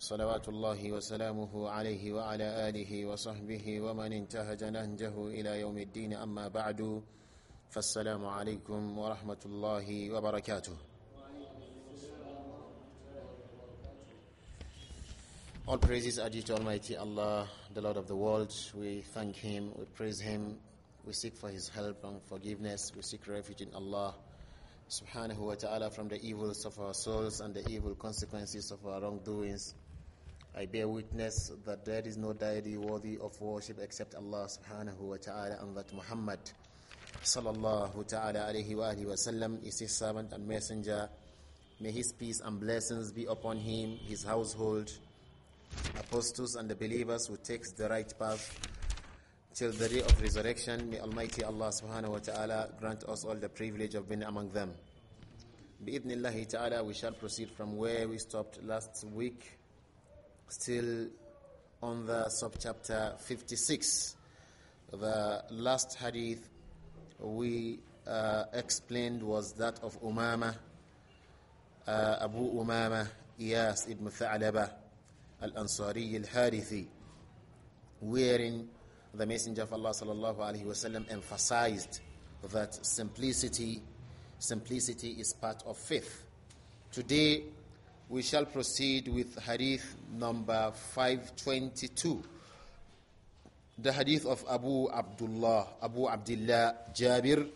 صلوات الله وسلامه عليه وعلى آله وصحبه ومن انتهج نهجه إلى يوم الدين أما بعد فالسلام عليكم ورحمة الله وبركاته All praises are due to Almighty Allah, the Lord of the world. We thank Him, we praise Him, we seek for His help and forgiveness, we seek refuge in Allah subhanahu wa ta'ala from the evils of our souls and the evil consequences of our wrongdoings. I bear witness that there is no deity worthy of worship except Allah subhanahu wa ta'ala and that Muhammad sallallahu ta'ala alayhi wa alayhi wa sallam is his servant and messenger. May his peace and blessings be upon him, his household, apostles and the believers who takes the right path till the day of resurrection. May Almighty Allah subhanahu wa ta'ala grant us all the privilege of being among them. Bi ta'ala we shall proceed from where we stopped last week still on the subchapter 56. The last hadith we uh, explained was that of Umama, uh, Abu Umama, Iyas ibn Tha'laba, al-Ansari al-Harithi, wherein the Messenger of Allah sallallahu alaihi wasallam emphasized that simplicity, simplicity is part of faith. Today, we shall proceed with hadith number 522 the hadith of Abu Abdullah Abu Abdullah Jabir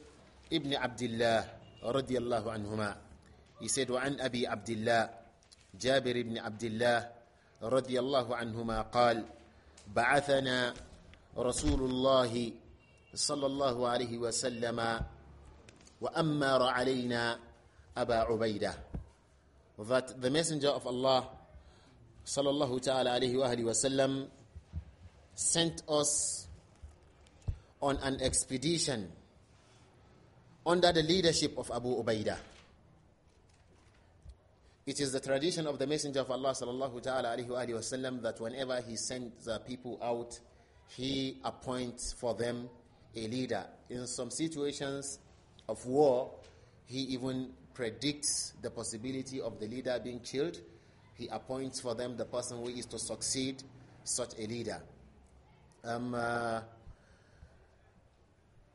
ibn Abdullah radiyallahu anhuma he said وعن أبي عبد abdullah جابر ibn abdullah الله رضي الله عنهما قال بعثنا رسول الله صلى الله عليه وسلم وأمر علينا أبا that the Messenger of Allah sallallahu ta'ala alayhi wa wasallam sent us on an expedition under the leadership of Abu Ubaidah. It is the tradition of the Messenger of Allah sallallahu ta'ala alayhi wa wasallam that whenever he sends the people out, he appoints for them a leader. In some situations of war, he even predicts the possibility of the leader being killed, he appoints for them the person who is to succeed such a leader. Um, uh,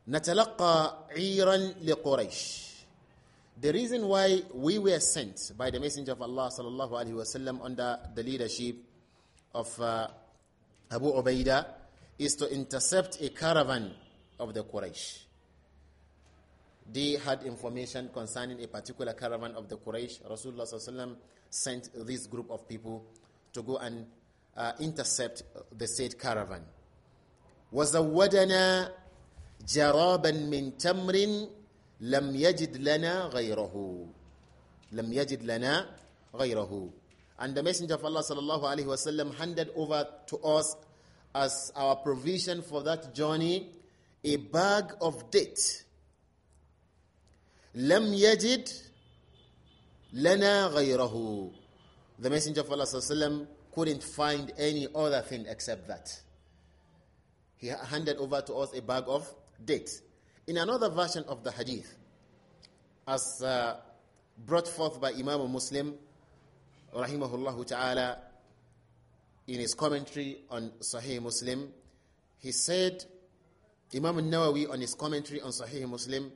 نتلقى عيرا لقريش The reason why we were sent by the Messenger of Allah sallallahu alaihi wasallam under the leadership of uh, Abu Ubaidah is to intercept a caravan of the Quraysh they had information concerning a particular caravan of the Quraysh. Rasulullah sent this group of people to go and uh, intercept the said caravan. وزودنا جرابا من تمر لم يجد لنا غيره لم يجد لنا غيره and the messenger of Allah sallallahu alaihi wasallam handed over to us as our provision for that journey a bag of dates لم يجد لنا غيره The Messenger of Allah وسلم, couldn't find any other thing except that. He handed over to us a bag of dates. In another version of the hadith, as uh, brought forth by Imam Muslim, rahimahullah ta'ala, in his commentary on Sahih Muslim, he said, Imam Nawawi on his commentary on Sahih Muslim,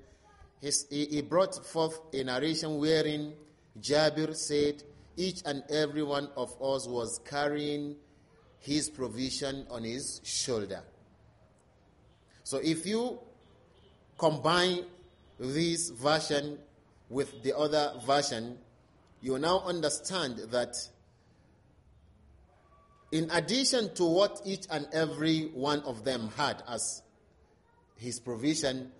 his, he, he brought forth a narration wherein Jabir said, Each and every one of us was carrying his provision on his shoulder. So if you combine this version with the other version, you now understand that in addition to what each and every one of them had as his provision,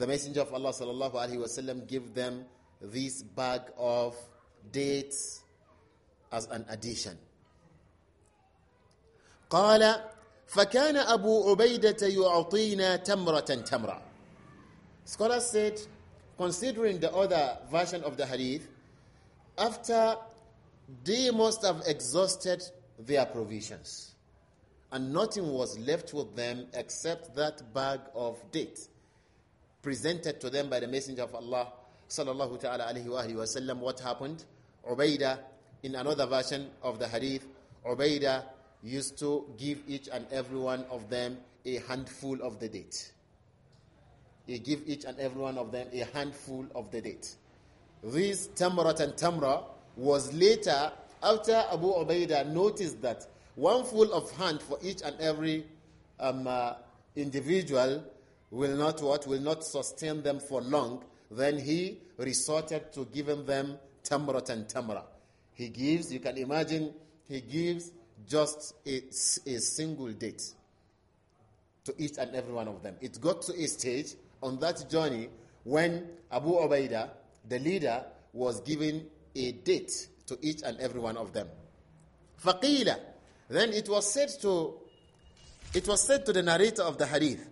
the Messenger of Allah sallallahu alaihi wasallam gave them this bag of dates as an addition. قال فكان أبو عبيدة يعطينا تمرة تمرة Scholars said, considering the other version of the hadith, after they must have exhausted their provisions, and nothing was left with them except that bag of dates presented to them by the Messenger of Allah sallallahu ta'ala alayhi wa wasallam what happened. Ubaidah, in another version of the hadith, Ubaidah used to give each and every one of them a handful of the date. He gave each and every one of them a handful of the date. This tamrat and tamra was later after Abu Ubaidah noticed that one full of hand for each and every um, uh, individual will not what? Will not sustain them for long. Then he resorted to giving them tamrat and tamra. He gives, you can imagine, he gives just a, a single date to each and every one of them. It got to a stage on that journey when Abu Ubaidah, the leader, was giving a date to each and every one of them. Faqila. Then it was said to it was said to the narrator of the hadith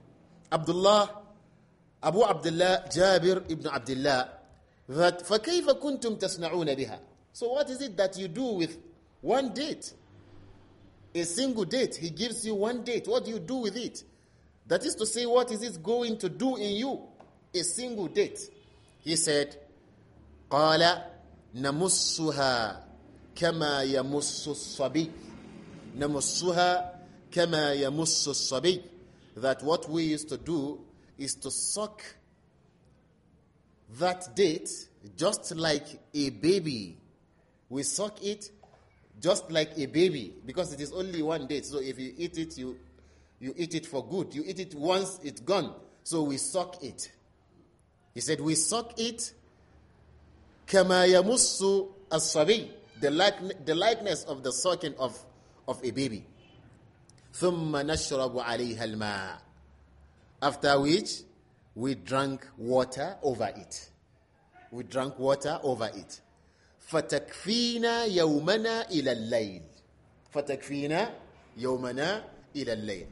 Abdullah, Abu Abdullah Jabir ibn Abdullah, that فَكَيْفَ كُنْتُمْ تَصْنَعُونَ بِهَا So what is it that you do with one date? A single date. He gives you one date. What do you do with it? That is to say, what is it going to do in you? A single date. He said, قَالَ نَمُسُّهَا كَمَا يَمُسُّ الصَّبِيِّ نَمُسُّهَا كَمَا يَمُسُّ الصَّبِيِّ that what we used to do is to suck that date just like a baby. We suck it just like a baby because it is only one date. So if you eat it, you, you eat it for good. You eat it once, it's gone. So we suck it. He said, We suck it. Kama the like The likeness of the sucking of, of a baby. ثم نشرب عليها الماء after which we drank water over it we drank water over it فتكفينا يومنا إلى الليل فتكفينا يومنا إلى الليل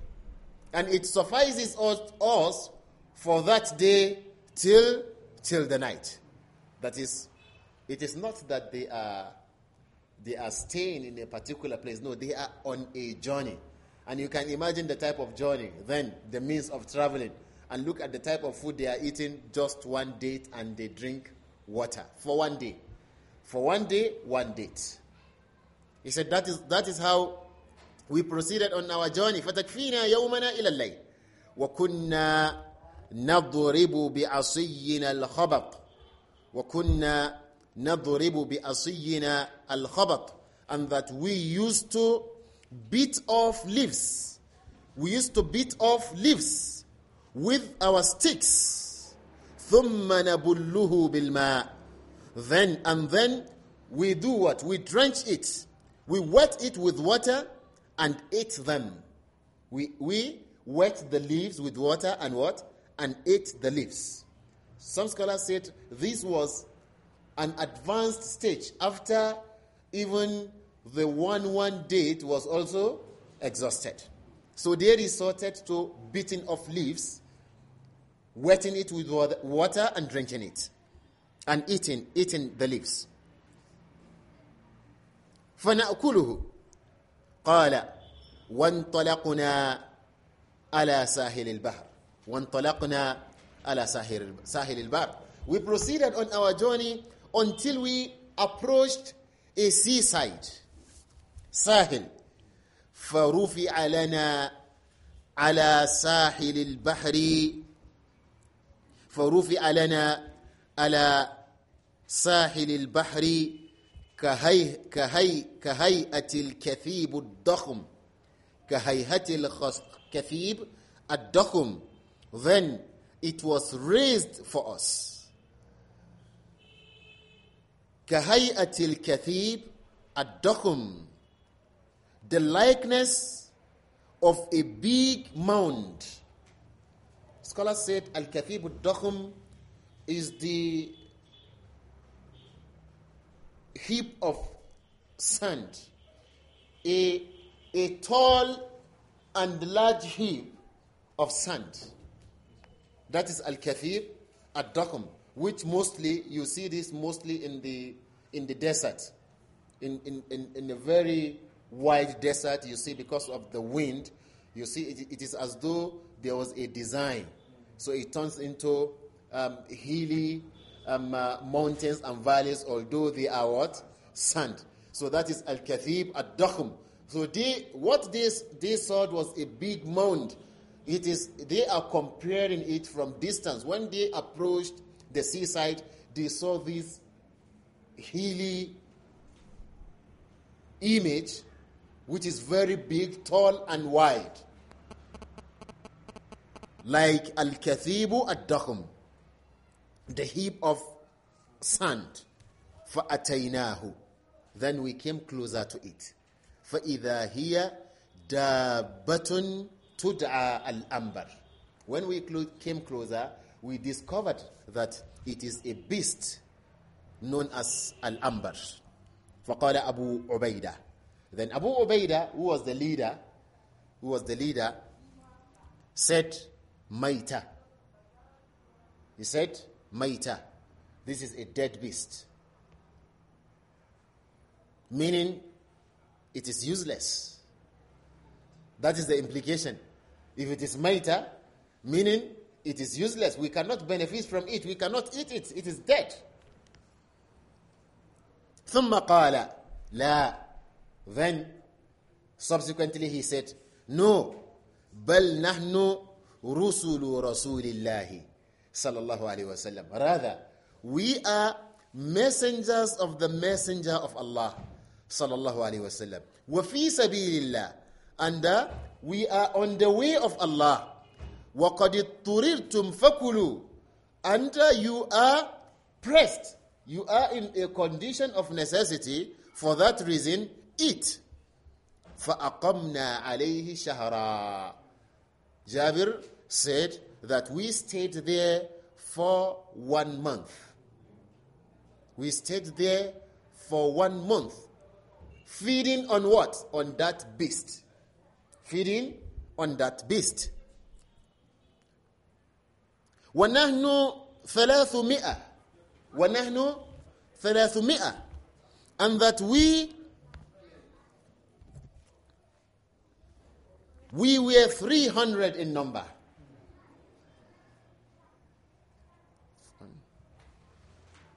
and it suffices us, us for that day till till the night that is it is not that they are they are staying in a particular place no they are on a journey and you can imagine the type of journey, then the means of traveling, and look at the type of food they are eating just one date and they drink water for one day. For one day, one date. He said, That is, that is how we proceeded on our journey. وَكُنَّا نَضْرِبُ بِعَصِيِّنَا الْخَبَطِ وَكُنَّا نَضْرِبُ بِعَصِيِّنَا الْخَبَطِ And that we used to beat off leaves. We used to beat off leaves with our sticks. Then and then we do what? We drench it. We wet it with water and eat them. We, we wet the leaves with water and what? And ate the leaves. Some scholars said this was an advanced stage after even the one one date was also exhausted. So they resorted to beating off leaves, wetting it with water and drenching it, and eating, eating the leaves. فنأكله قال وانطلقنا على البحر وانطلقنا على ساحل البحر we proceeded on our journey until we approached a seaside ساحل فرفع لنا على ساحل البحر فرفع لنا على ساحل البحر كهي كهي كهيئة الكثيب الضخم كهيئة الكثيب الضخم then it was raised for us كهيئة الكثيب الضخم the likeness of a big mound. Scholars said Al Kathib al is the heap of sand, a, a tall and large heap of sand. That is Al Kathib at Dakum, which mostly, you see this mostly in the, in the desert, in, in, in, in a very wide desert you see because of the wind. You see, it, it is as though there was a design. So it turns into um, hilly um, uh, mountains and valleys, although they are what? Sand. So that is Al Kathib Ad Dakhum. So they, what they, they saw was a big mound. It is, they are comparing it from distance. When they approached the seaside, they saw this hilly image which is very big, tall, and wide. Like Al Kathibu at Dakhum, the heap of sand. فأتيناه Then we came closer to it. فإذا هي دابة تدعى الأنبر When we came closer, we discovered that it is a beast known as Al-Ambar. فقال أبو عبيدة then Abu Ubaidah, who was the leader, who was the leader, said, Maita. He said, Maita. This is a dead beast. Meaning, it is useless. That is the implication. If it is Maita, meaning it is useless. We cannot benefit from it. We cannot eat it. It is dead. ثم قال لا then, subsequently, he said, No, بل نحن رسل رسول الله صلى الله عليه وسلم. Rather, we are messengers of the messenger of Allah صلى الله عليه وسلم. وفي سبيل الله. And uh, we are on the way of Allah. وقد اضطررتم فكلوا. And uh, you are pressed. You are in a condition of necessity. For that reason, eat. فَأَقَمْنَا عَلَيْهِ شَهْرًا Jabir said that we stayed there for one month. We stayed there for one month, feeding on what? On that beast. Feeding on that beast. ونحن ثلاثمائة ونحن ثلاثمائة and that we We were 300 in number.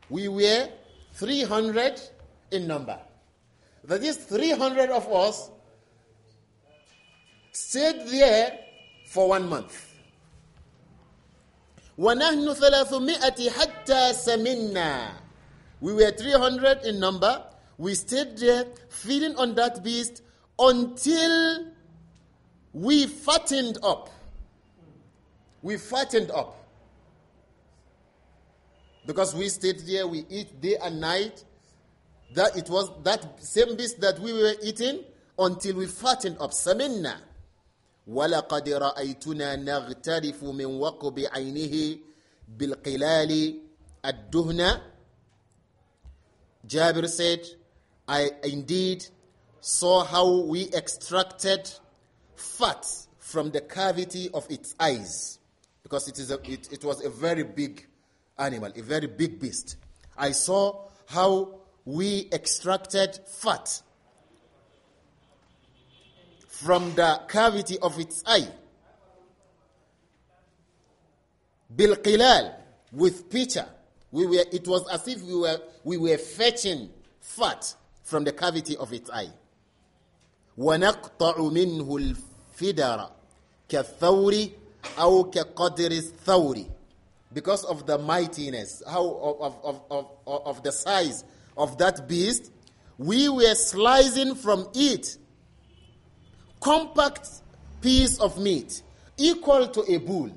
We were 300 in number. That is, 300 of us stayed there for one month. ونحن حتى سمنا We were 300 in number. We stayed there feeding on that beast until we fattened up. We fattened up. Because we stayed there, we eat day and night. That it was that same beast that we were eating until we fattened up. Samina. ولقد رأيتنا نغترف من وقب عينه بالقلال الدهن. Jabir said, I indeed saw how we extracted fat from the cavity of its eyes because it, is a, it, it was a very big animal, a very big beast. I saw how we extracted fat from the cavity of its eye. Bilqilal, with pitcher. We were, it was as if we were, we were fetching fat from the cavity of its eye. وَنَقْطَعُ مِنْهُ fidara kathawri aw kaqadri thawri because of the mightiness how of, of, of, of, the size of that beast we were slicing from it compact piece of meat equal to a bull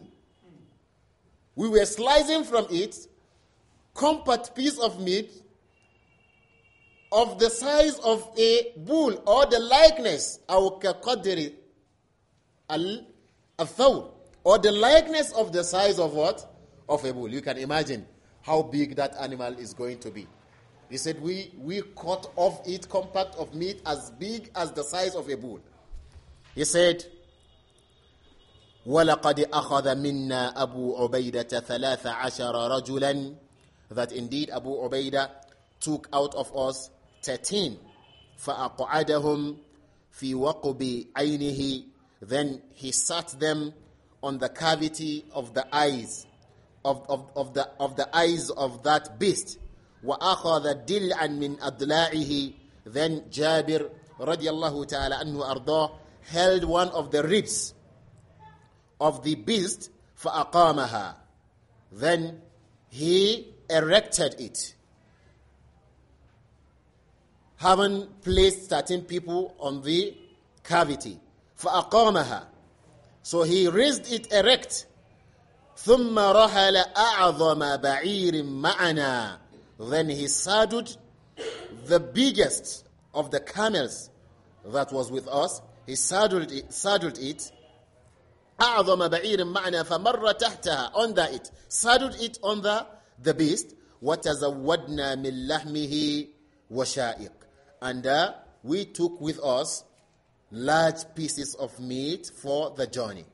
we were slicing from it compact piece of meat of the size of a bull or the likeness our qadri al thawr or the likeness of the size of what? Of a bull. You can imagine how big that animal is going to be. He said, we, we cut off its compact of meat as big as the size of a bull. He said, وَلَقَدْ أَخَذَ مِنَّا أَبُو عُبَيْدَةَ ثَلَاثَ عَشَرَ رَجُلًا That indeed Abu Ubaidah took out of us 13. فَأَقْعَدَهُمْ فِي وَقُبِ عَيْنِهِ then he sat them on the cavity of the eyes, of, of, of, the, of the eyes of that beast. وأخذ دلعا من أضلاعه Then Jabir رضي الله تعالى عنه أرضاه held one of the ribs of the beast فأقامها Then he erected it. Having placed certain people on the cavity. فأقامها So he raised it erect. ثم رحل أعظم بعير معنا Then he saddled the biggest of the camels that was with us. He saddled it, saddled it. أعظم بعير معنا فمر تحتها under it. Saddled it under the beast. وتزودنا من لحمه وشائق. And uh, we took with us large pieces of meat for the journey.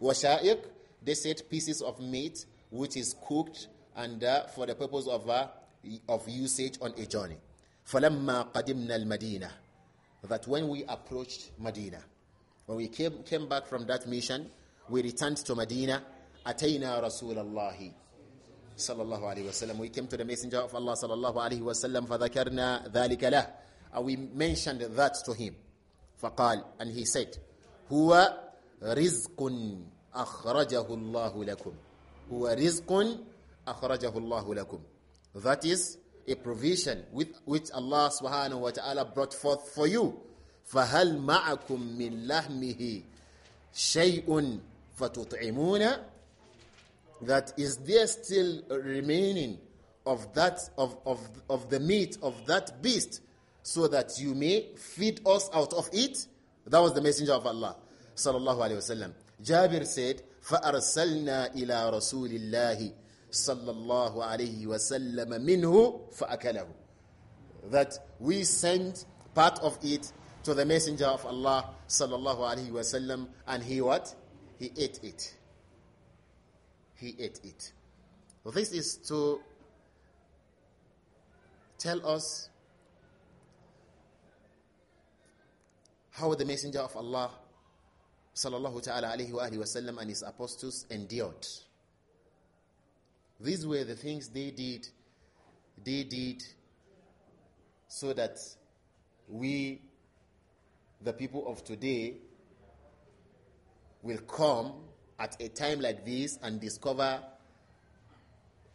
Washa'iq, they said pieces of meat which is cooked and uh, for the purpose of, uh, of usage on a journey. فَلَمَّا قَدِمْنَا الْمَدِينَةِ That when we approached Medina, when we came, came back from that mission, we returned to Medina, أَتَيْنَا رَسُولَ اللَّهِ صلى الله عليه وسلم we came to the messenger of Allah صلى الله عليه وسلم فذكرنا ذلك له and we mentioned that to him فقال and he said هو رزق أخرجه الله لكم هو رزق أخرجه الله لكم that is a provision with which Allah subhanahu wa ta'ala brought forth for you فهل معكم من لحمه شيء فتطعمون that is there still remaining of that of, of, of the meat of that beast so that you may feed us out of it. That was the messenger of Allah sallallahu alayhi wasallam. Jabir said, فَأَرْسَلْنَا إِلَى رَسُولِ اللَّهِ صلى الله عليه وسلم منه فأكله. That we sent part of it to the messenger of Allah sallallahu alayhi wasallam and he what? He ate it. He ate it. This is to tell us how the Messenger of Allah sallallahu ta'ala alayhi wa wasallam and his apostles endured. These were the things they did, they did so that we, the people of today, will come at a time like this and discover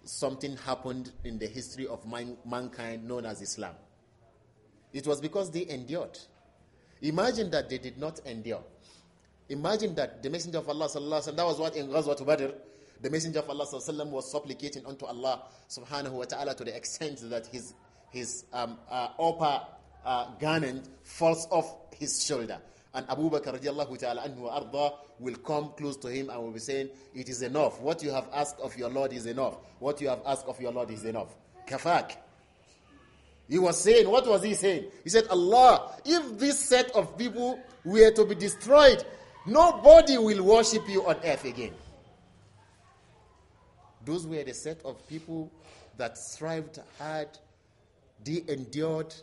something happened in the history of man mankind known as Islam. It was because they endured. Imagine that they did not endure. Imagine that the Messenger of Allah, sallallahu wasallam. that was what in Ghazwat Badr, the Messenger of Allah sallallahu was supplicating unto Allah subhanahu wa ta'ala to the extent that his, his um, uh, upper uh, garment falls off his shoulder. And Abu Bakr radiallahu ta'ala anhu arda will come close to him and will be saying, It is enough. What you have asked of your Lord is enough. What you have asked of your Lord is enough. Kafak. He was saying, what was he saying? He said, Allah, if this set of people were to be destroyed, nobody will worship you on earth again. Those were the set of people that strived hard, they endured.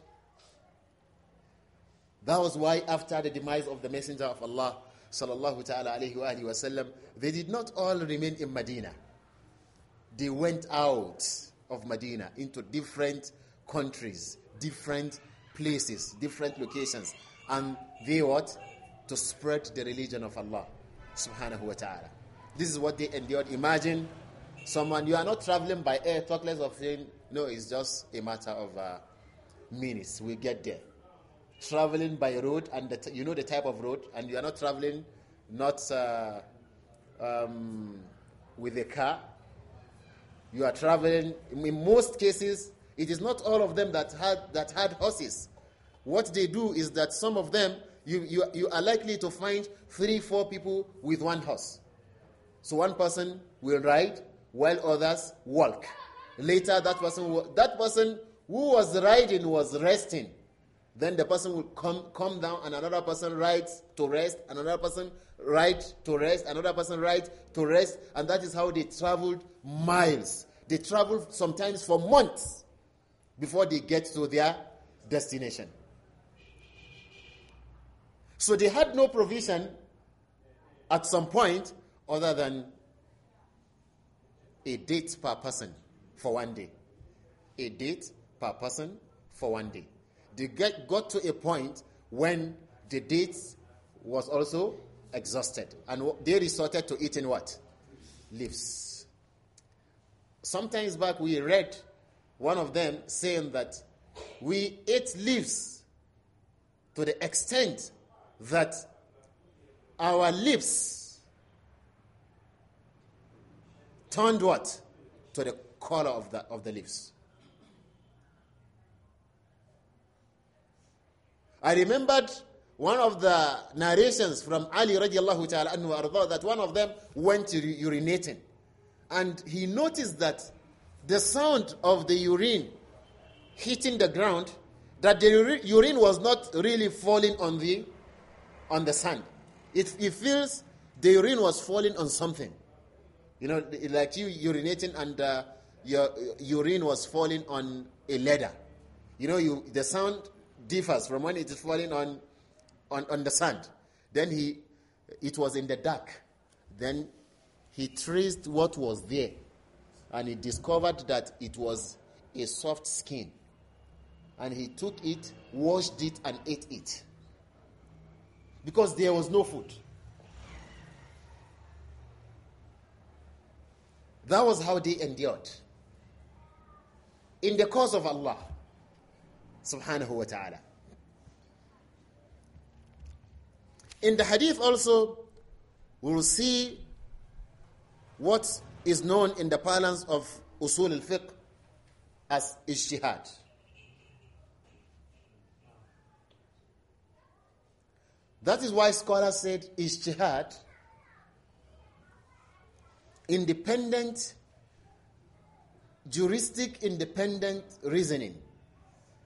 That was why after the demise of the Messenger of Allah, sallallahu ta'ala alayhi wa wasallam, they did not all remain in Medina. They went out of Medina into different countries, different places, different locations, and they what? To spread the religion of Allah subhanahu wa ta'ala. This is what they endured. Imagine someone, you are not traveling by air, talk less of saying, no, it's just a matter of uh, minutes. We get there. Traveling by road, and the, you know the type of road, and you are not traveling not uh, um, with a car. You are traveling, in most cases, it is not all of them that had, that had horses. What they do is that some of them, you, you, you are likely to find three, four people with one horse. So one person will ride while others walk. Later, that person, that person who was riding was resting. Then the person will come, come down, and another person rides to rest, another person rides to rest, another person rides to rest, and that is how they traveled miles. They traveled sometimes for months before they get to their destination. So they had no provision at some point other than a date per person for one day. A date per person for one day. They get, got to a point when the date was also exhausted and they resorted to eating what? Leaves. Sometimes back we read one of them saying that we ate leaves to the extent that our lips turned what? To the color of the, of the leaves. I remembered one of the narrations from Ali radiallahu ta'ala anhu that one of them went urinating. And he noticed that the sound of the urine hitting the ground that the urine was not really falling on the on the sand. It, it feels the urine was falling on something. You know, like you urinating and uh, your uh, urine was falling on a ladder. You know, you the sound differs from when it is falling on on, on the sand. Then he it was in the dark. Then he traced what was there and he discovered that it was a soft skin. And he took it, washed it, and ate it. Because there was no food. That was how they endured. In the cause of Allah subhanahu wa ta'ala. In the hadith also, we'll see what is known in the parlance of usul al-fiqh as ijtihad. That is why scholars said ijtihad, independent, juristic independent reasoning,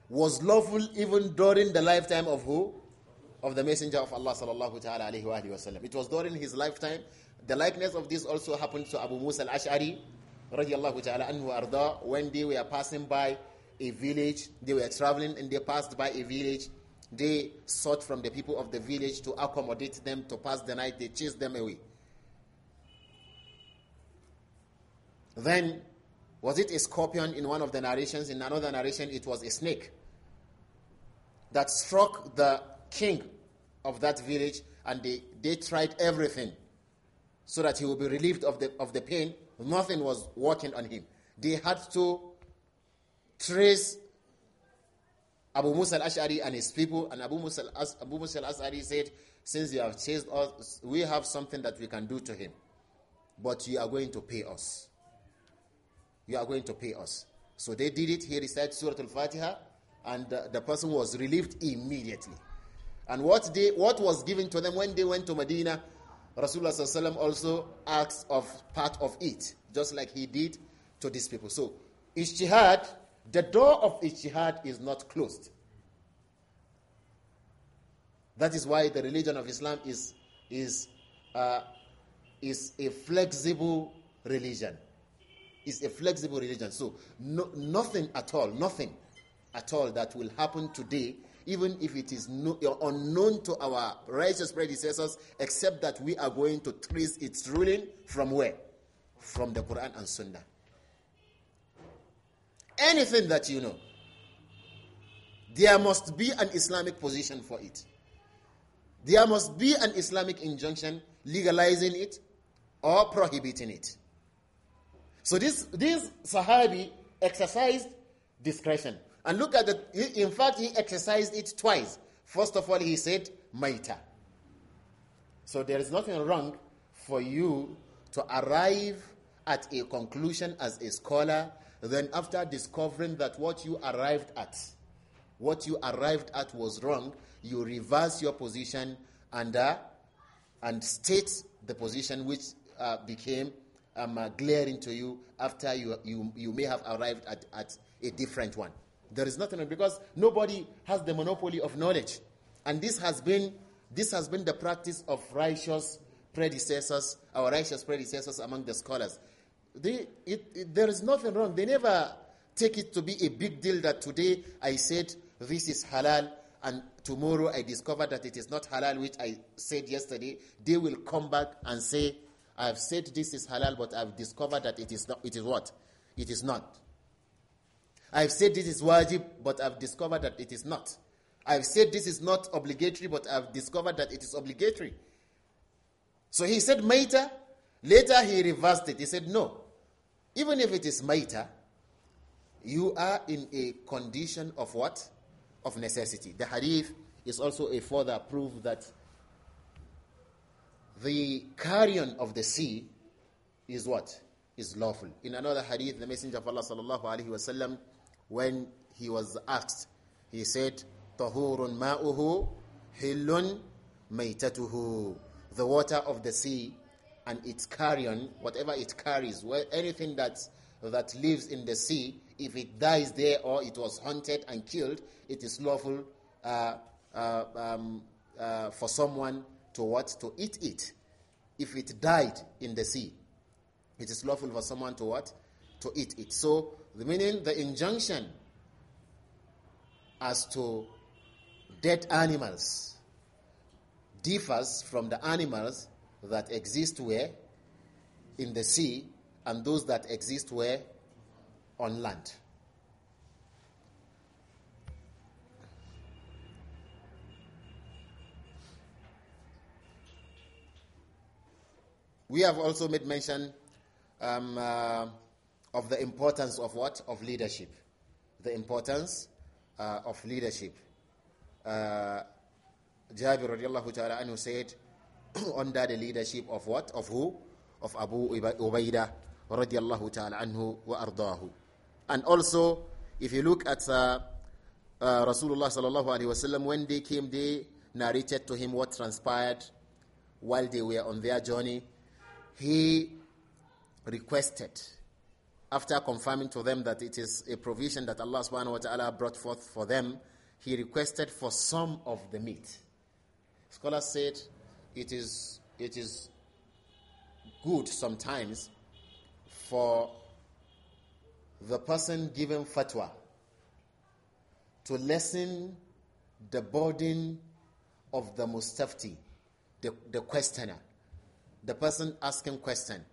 was lawful even during the lifetime of who? Of the Messenger of Allah sallallahu ta'ala alayhi wa It was during his lifetime the likeness of this also happened to Abu Musa al-Ash'ari radiallahu ta'ala anhu arda when they were passing by a village, they were traveling and they passed by a village. They sought from the people of the village to accommodate them to pass the night. They chased them away. Then, was it a scorpion in one of the narrations? In another narration, it was a snake that struck the king of that village and they, they tried everything so that he will be relieved of the, of the pain, nothing was working on him. They had to trace Abu Musa al-Ash'ari and his people, and Abu Musa, al-Ash'ari said, since you have chased us, we have something that we can do to him, but you are going to pay us. You are going to pay us. So they did it. He recited Surah Al-Fatiha, and uh, the person was relieved immediately. And what, they, what was given to them when they went to Medina Rasulullah also asks of part of it, just like he did to these people. So, ijtihad, the door of ijtihad is not closed. That is why the religion of Islam is, is, uh, is a flexible religion. It's a flexible religion. So, no, nothing at all, nothing at all that will happen today even if it is no, uh, unknown to our righteous predecessors, except that we are going to trace its ruling from where? From the Quran and Sunnah. Anything that you know, there must be an Islamic position for it. There must be an Islamic injunction legalizing it or prohibiting it. So this, this Sahabi exercised discretion. And look at the, in fact, he exercised it twice. First of all, he said, Maita. So there is nothing wrong for you to arrive at a conclusion as a scholar, then after discovering that what you arrived at, what you arrived at was wrong, you reverse your position and, uh, and state the position which uh, became um, uh, glaring to you after you, you, you may have arrived at, at a different one. There is nothing because nobody has the monopoly of knowledge. And this has been this has been the practice of righteous predecessors, our righteous predecessors among the scholars. They, it, it, there is nothing wrong. They never take it to be a big deal that today I said this is halal and tomorrow I discover that it is not halal, which I said yesterday. They will come back and say, I have said this is halal, but I've discovered that it is not. It is what? It is not. I've said this is wajib, but I've discovered that it is not. I've said this is not obligatory, but I've discovered that it is obligatory. So he said maita. Later he reversed it. He said, no. Even if it is maita, you are in a condition of what? Of necessity. The hadith is also a further proof that the carrion of the sea is what? Is lawful. In another hadith, the Messenger of Allah sallallahu alayhi wa when he was asked, he said, Tahurun ma'uhu hillun maytatuhu. The water of the sea and its carrion, whatever it carries, anything that's, that lives in the sea, if it dies there or it was hunted and killed, it is lawful uh, uh, um, uh, for someone to what? To eat it. If it died in the sea, it is lawful for someone to what? To eat it. So the meaning the injunction as to dead animals differs from the animals that exist where? In the sea and those that exist where? On land. We have also made mention um, uh, of the importance of what? Of leadership. The importance uh, of leadership. Uh, Jabir radiallahu ta'ala anhu said, under the leadership of what? Of who? Of Abu Ubaidah radiallahu ta'ala anhu wa ardahu. And also, if you look at uh, uh, Rasulullah sallallahu alaihi wasallam, when they came, they narrated to him what transpired while they were on their journey. He requested after confirming to them that it is a provision that Allah subhanahu wa ta'ala brought forth for them, he requested for some of the meat. Scholars said it is, it is good sometimes for the person given fatwa to lessen the burden of the mustafti, the, the questioner, the person asking question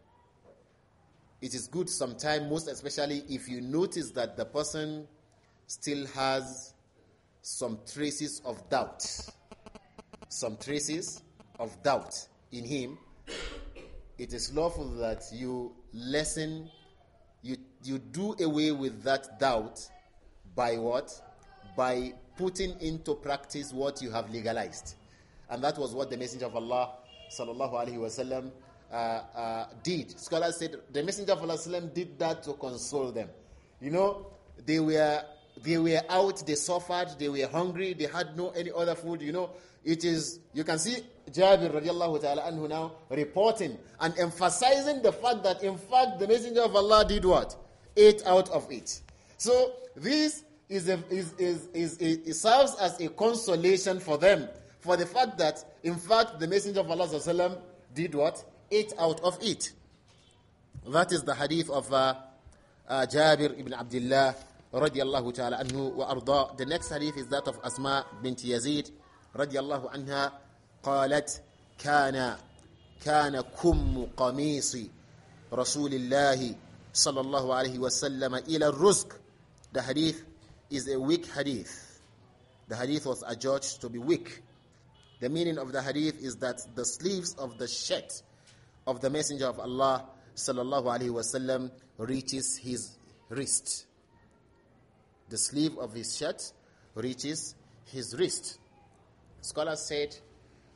it is good sometimes, most especially if you notice that the person still has some traces of doubt, some traces of doubt in him, it is lawful that you lessen, you, you do away with that doubt by what? By putting into practice what you have legalized. And that was what the Messenger of Allah sallallahu alaihi wasallam uh, uh, did. Scholars said the Messenger of Allah did that to console them. You know, they were they were out, they suffered, they were hungry, they had no any other food. You know, it is you can see Jabir radiallahu ta'ala anhu now reporting and emphasizing the fact that in fact the Messenger of Allah did what? Ate out of it. So this is a, is, is, is, is serves as a consolation for them for the fact that in fact the Messenger of Allah did what? eight out of it. That is the hadith of uh, uh, Jabir ibn Abdullah radiallahu ta'ala anhu wa arda. The next hadith is that of Asma bint Yazid radiallahu anha قالت كان The hadith is a weak hadith. The hadith was adjudged to be weak. The meaning of the hadith is that the sleeves of the shirt of the Messenger of Allah sallallahu alaihi wasallam reaches his wrist. The sleeve of his shirt reaches his wrist. Scholars said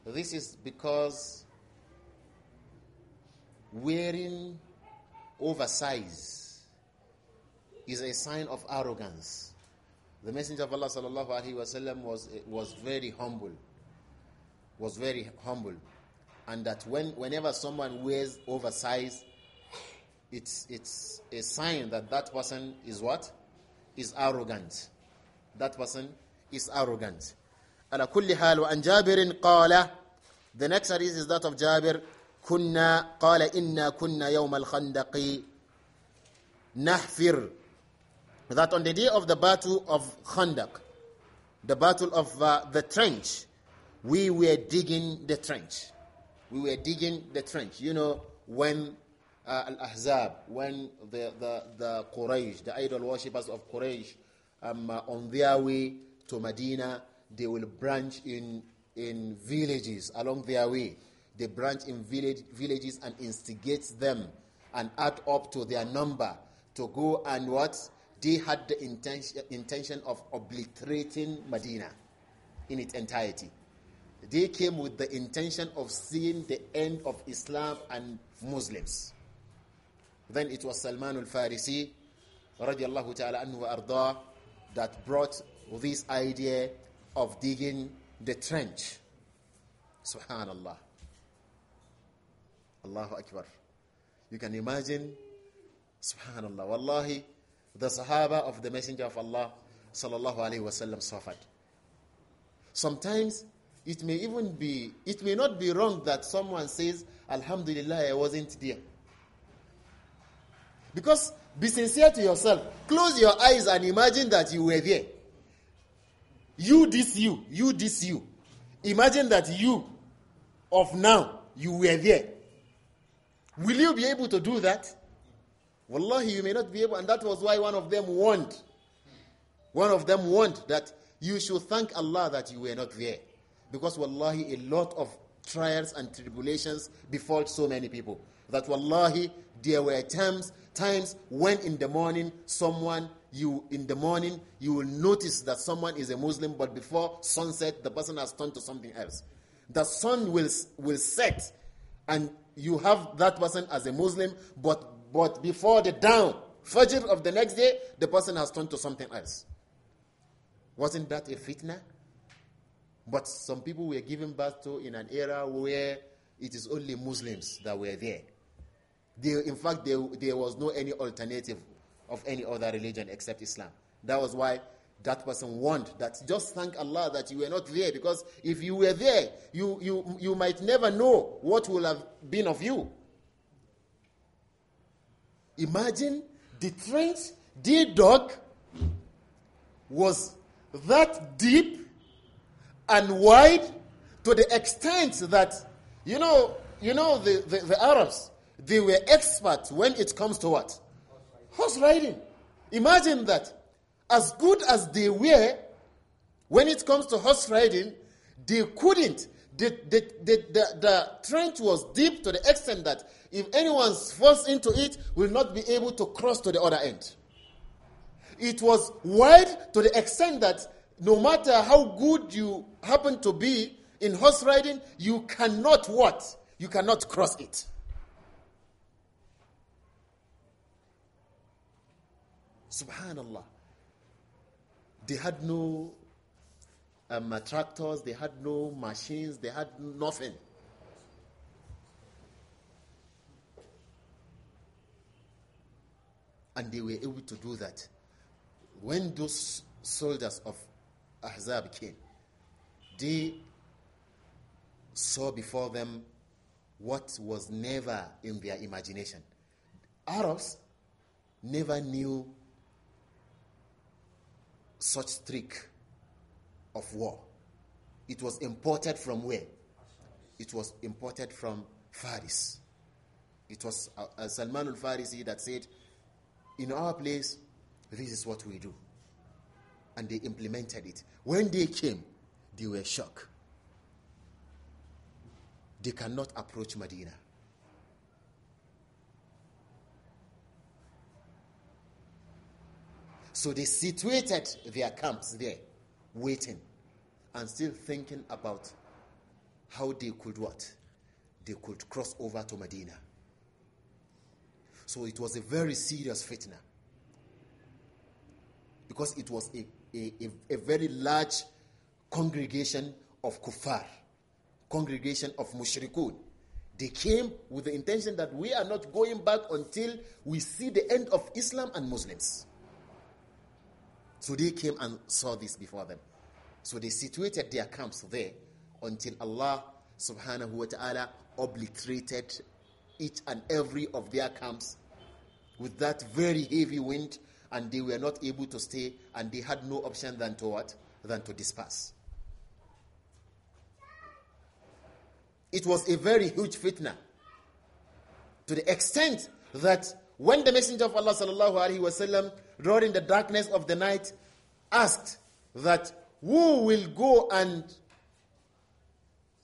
this is because wearing oversize is a sign of arrogance. The Messenger of Allah sallallahu alaihi wasallam was was very humble. Was very humble and that when whenever someone wears oversized, it's it's a sign that that person is what is arrogant. That person is arrogant. على كل حال وعن جابر قال The next hadith is that of Jabir كنا قال إنا كنا يوم الخندق نحفر That on the day of the battle of Khandaq, the battle of uh, the trench, we were digging the trench we were digging the trench. You know, when uh, Al Ahzab, when the, the, the Quraysh, the idol worshippers of Quraysh, um, uh, on their way to Medina, they will branch in, in villages along their way. They branch in village, villages and instigate them and add up to their number to go and what? They had the intention, intention of obliterating Medina in its entirety. They came with the intention of seeing the end of Islam and Muslims. Then it was Salman al-Farisi radiallahu ta'ala anhu arda that brought this idea of digging the trench. Subhanallah. Allahu Akbar. You can imagine, subhanallah, wallahi, the Sahaba of the Messenger of Allah sallallahu alayhi wasallam suffered. Sometimes it may even be, it may not be wrong that someone says, Alhamdulillah, I wasn't there. Because be sincere to yourself. Close your eyes and imagine that you were there. You, this you, you, this you. Imagine that you of now, you were there. Will you be able to do that? Wallahi, you may not be able. And that was why one of them warned. One of them warned that you should thank Allah that you were not there. Because wallahi, a lot of trials and tribulations befall so many people. That wallahi, there were times, times when in the morning someone you in the morning you will notice that someone is a Muslim, but before sunset the person has turned to something else. The sun will will set, and you have that person as a Muslim, but but before the dawn, fajr of the next day, the person has turned to something else. Wasn't that a fitna? But some people were given birth to in an era where it is only Muslims that were there. They, in fact, they, there was no any alternative of any other religion except Islam. That was why that person warned that just thank Allah that you were not there because if you were there, you, you, you might never know what will have been of you. Imagine the trench, the dog was that deep and wide to the extent that, you know, you know the, the, the Arabs, they were experts when it comes to what? Horse riding. Imagine that. As good as they were when it comes to horse riding, they couldn't. The, the, the, the, the trench was deep to the extent that if anyone falls into it, will not be able to cross to the other end. It was wide to the extent that no matter how good you happen to be in horse riding, you cannot what? You cannot cross it. Subhanallah. They had no um, uh, tractors, they had no machines, they had nothing. And they were able to do that. When those soldiers of Ahzab came, they saw before them what was never in their imagination. Arabs never knew such trick of war. It was imported from where? It was imported from Faris. It was uh, Salman al Farisi that said, In our place, this is what we do and they implemented it. When they came, they were shocked. They cannot approach Medina. So they situated their camps there, waiting and still thinking about how they could what? They could cross over to Medina. So it was a very serious fitna because it was a a, a, very large congregation of kuffar, congregation of mushrikun. They came with the intention that we are not going back until we see the end of Islam and Muslims. So they came and saw this before them. So they situated their camps there until Allah subhanahu wa ta'ala obliterated each and every of their camps with that very heavy wind and they were not able to stay, and they had no option than to what? Than to disperse. It was a very huge fitna. To the extent that when the Messenger of Allah sallallahu alaihi wasallam, during the darkness of the night, asked that who will go and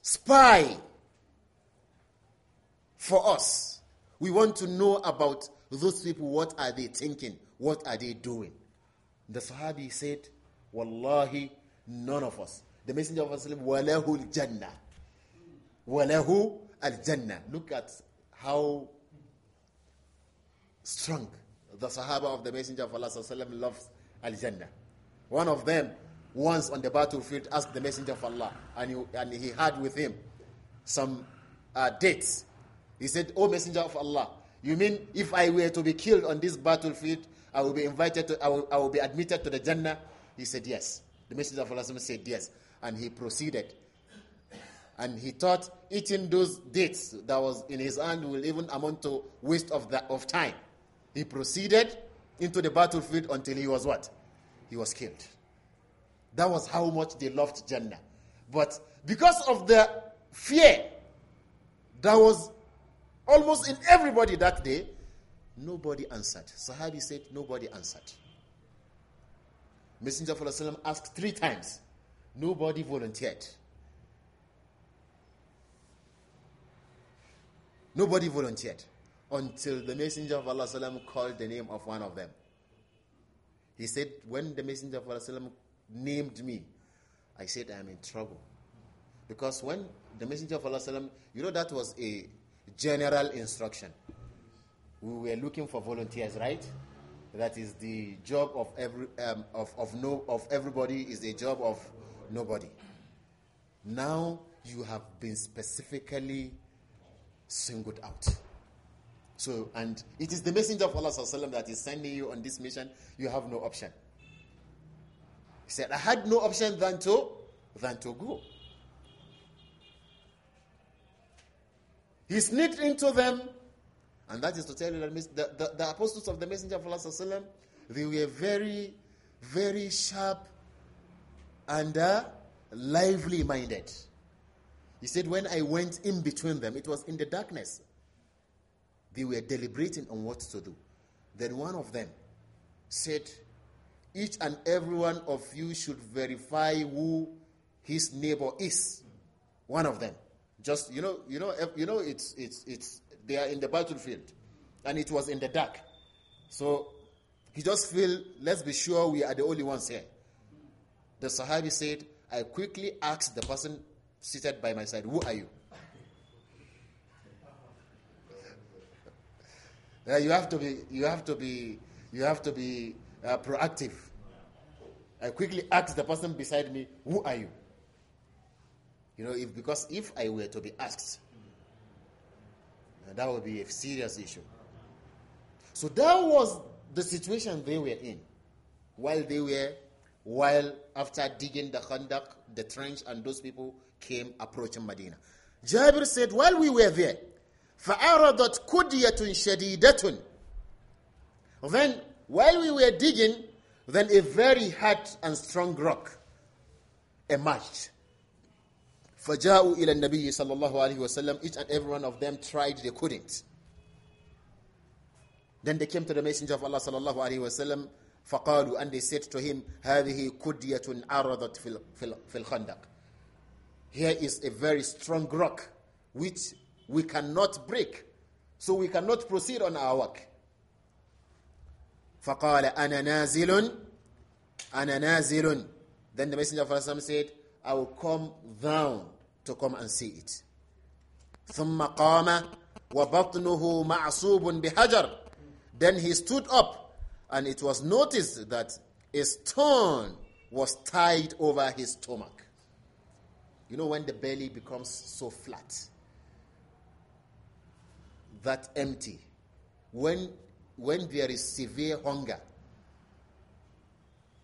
spy for us? We want to know about those people. What are they thinking? What are they doing? The Sahabi said, Wallahi, none of us. The Messenger of Allah, Walahu al Jannah. Walahu al Jannah. Look at how strong the Sahaba of the Messenger of Allah loves al Jannah. One of them, once on the battlefield, asked the Messenger of Allah, and he, and he had with him some uh, dates. He said, O Messenger of Allah, you mean if I were to be killed on this battlefield, I will be invited to, I will, I will be admitted to the Jannah. He said, Yes. The Messenger of Allah said, Yes. And he proceeded. And he thought eating those dates that was in his hand will even amount to waste of, the, of time. He proceeded into the battlefield until he was what? He was killed. That was how much they loved Jannah. But because of the fear that was almost in everybody that day, Nobody answered. Sahabi said, Nobody answered. Messenger of Allah asked three times. Nobody volunteered. Nobody volunteered until the Messenger of Allah called the name of one of them. He said, When the Messenger of Allah named me, I said, I am in trouble. Because when the Messenger of Allah, you know, that was a general instruction we were looking for volunteers, right? That is the job of every um, of, of no of everybody is the job of nobody. Now you have been specifically singled out. So, and it is the messenger of Allah sallam, that is sending you on this mission. You have no option. He said, I had no option than to than to go. He sneaked into them and that is to tell you that the, the, the apostles of the Messenger of Allah, sallam, they were very, very sharp and uh, lively minded. He said, When I went in between them, it was in the darkness. They were deliberating on what to do. Then one of them said, Each and every one of you should verify who his neighbor is. One of them. Just you know, you know, you know, it's it's it's they are in the battlefield. And it was in the dark. So he just feel, let's be sure we are the only ones here. The Sahabi said, I quickly asked the person seated by my side, who are you? uh, you have to be, you have to be, you have to be uh, proactive. I quickly asked the person beside me, who are you? You know, if because if I were to be asked, and that would be a serious issue. So that was the situation they were in while they were, while after digging the conduct, the trench, and those people came approaching Medina. Jabir said, while we were there, فَأَرَضَتْ كُدْيَةٌ شَدِيدَةٌ Then, while we were digging, then a very hard and strong rock emerged فَجَاءُوا إِلَى النَّبِيِّ صَلَّى اللَّهُ عَلَيْهِ وَسَلَّمْ Each and every one of them tried, they couldn't. Then they came to the Messenger of Allah صلى الله عليه وسلم فقالوا and they said to him هذه كدية عرضت في الخندق Here is a very strong rock which we cannot break so we cannot proceed on our work فقال أنا نازل أنا نازل Then the Messenger of Allah said, I will come down to come and see it. ثم قام وبطنه معصوب بحجر Then he stood up and it was noticed that a stone was tied over his stomach. You know when the belly becomes so flat, that empty, when, when there is severe hunger,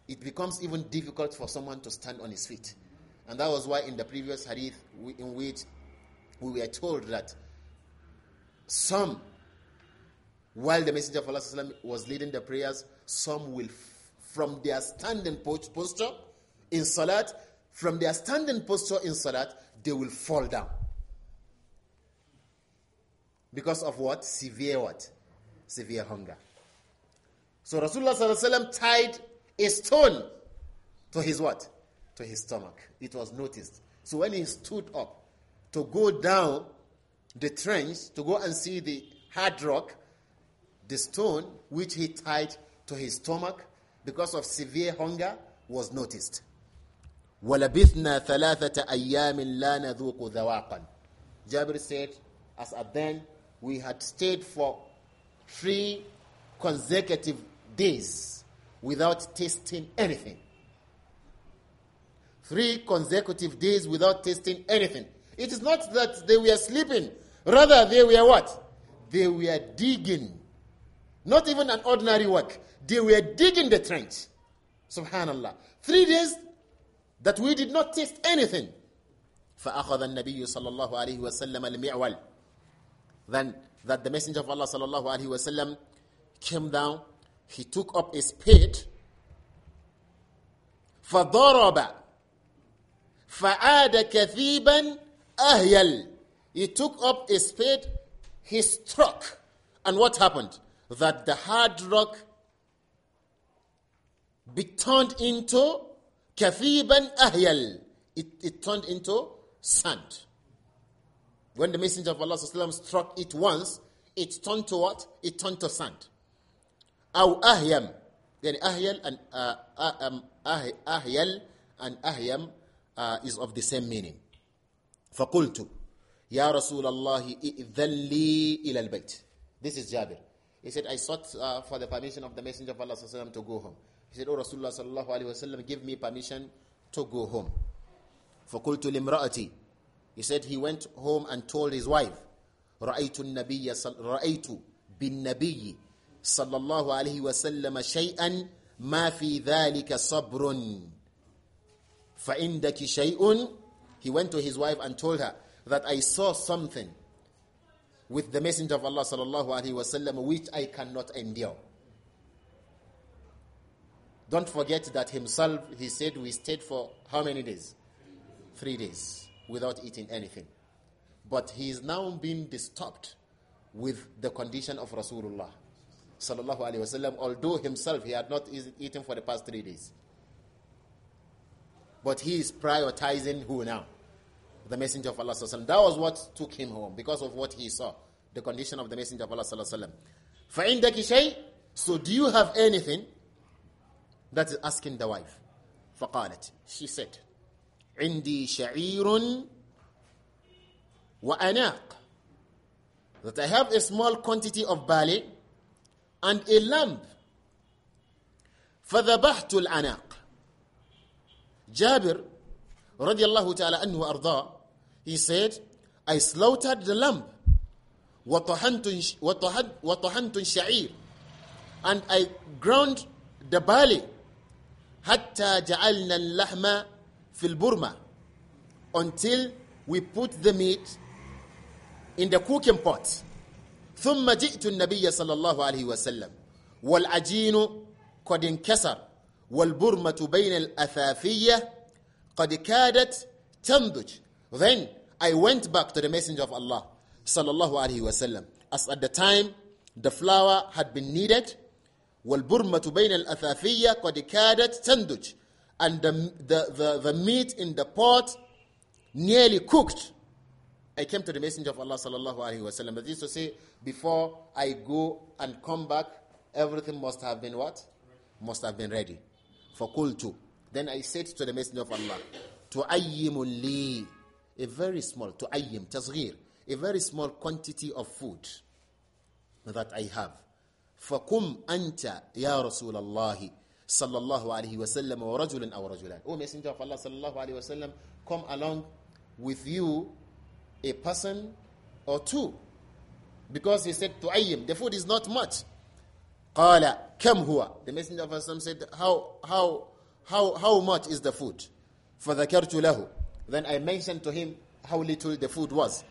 it becomes even difficult for someone to stand on his feet. And that was why in the previous hadith, we, in which we were told that some, while the Messenger of Allah was leading the prayers, some will, from their standing posture in Salat, from their standing posture in Salat, they will fall down. Because of what? Severe what? Severe hunger. So Rasulullah tied a stone to his what? to his stomach. It was noticed. So when he stood up to go down the trench to go and see the hard rock, the stone which he tied to his stomach because of severe hunger was noticed. وَلَبِثْنَا ثَلَاثَةَ أَيَّامٍ لَا نَذُوقُ ذَوَاقًا Jabir said, as at then, we had stayed for three consecutive days without tasting anything three consecutive days without tasting anything. It is not that they were sleeping, rather, they were what? They were digging. Not even an ordinary work. They were digging the trench. Subhanallah. Three days that we did not taste anything. فأخذ النبي صلى الله عليه وسلم المعول Then that the messenger of Allah صلى الله عليه وسلم came down, he took up a spade فضرب Fa'ada kathiban ahyal. He took up a spade, he struck. And what happened? That the hard rock be turned into kathiban ahyal. It, it turned into sand. When the messenger of Allah struck it once, it turned to what? It turned to sand. أو أهيم يعني أهيل uh, أن أهيل and أهيم uh, is of the same meaning. فَقُلْتُ يَا رَسُولَ اللَّهِ إِذَّنْ إِلَى الْبَيْتِ This is Jabir. He said, I sought uh, for the permission of the Messenger of Allah وسلم, to go home. He said, O oh, Rasulullah sallallahu give me permission to go home. فَقُلْتُ لِمْرَأَتِي He said, he went home and told his wife, رأيت النبي رأيت بالنبي صلى الله عليه وسلم شيئا ما في ذلك صبر فَإِنْدَكِ شَيْءٌ He went to his wife and told her that I saw something with the Messenger of Allah sallallahu alaihi wasallam which I cannot endure. Don't forget that himself, he said, we stayed for how many days? Three days without eating anything. But he is now being disturbed with the condition of Rasulullah sallallahu alaihi wasallam, although himself he had not eaten for the past three days. But he is prioritizing who now? The Messenger of Allah. That was what took him home because of what he saw, the condition of the Messenger of Allah. شَيْءٍ So do you have anything? That is asking the wife. فَقَالَتْ She said, عِنْدِي شَعِيرٌ وَأَنَاقٌ That I have a small quantity of barley and a lamb. فَذَبَحْتُ الْأَنَاقِ Jabir, radiallahu ta'ala anhu arda, he said, I slaughtered the lamb, وَطَحَنْتُ sha'ir, and I ground the barley, حَتَّى جَعَلْنَا اللَّحْمَ fil burma, until we put the meat in the cooking pot. ثم جئت النبي صلى الله عليه وسلم والعجين قد انكسر والبرمة بين الأثافية قد كادت تنضج Then I went back to the messenger of Allah sallallahu alaihi wasallam as at the time the flour had been needed والبرمة بين الأثافية قد كادت تنضج and the, the, the, the meat in the pot nearly cooked I came to the Messenger of Allah sallallahu alaihi wasallam. That is to say, before I go and come back, everything must have been what? Must have been ready. فَقُلْتُ Then I said to the Messenger of Allah, to تُعَيِّمٌ لِي A very small, to تُعَيِّم, تصغير, a very small quantity of food that I have. فَقُمْ أَنْتَ يَا رَسُولَ اللَّهِ صلى الله عليه وسلم ورجلا أو رجلان O Messenger of Allah صلى الله عليه وسلم come along with you a person or two because he said to Ayyim the food is not much Qala kam huwa. The Messenger of Allah said, how, how, how, how much is the food? فَذَكَرْتُ لَهُ Then I mentioned to him how little the food was.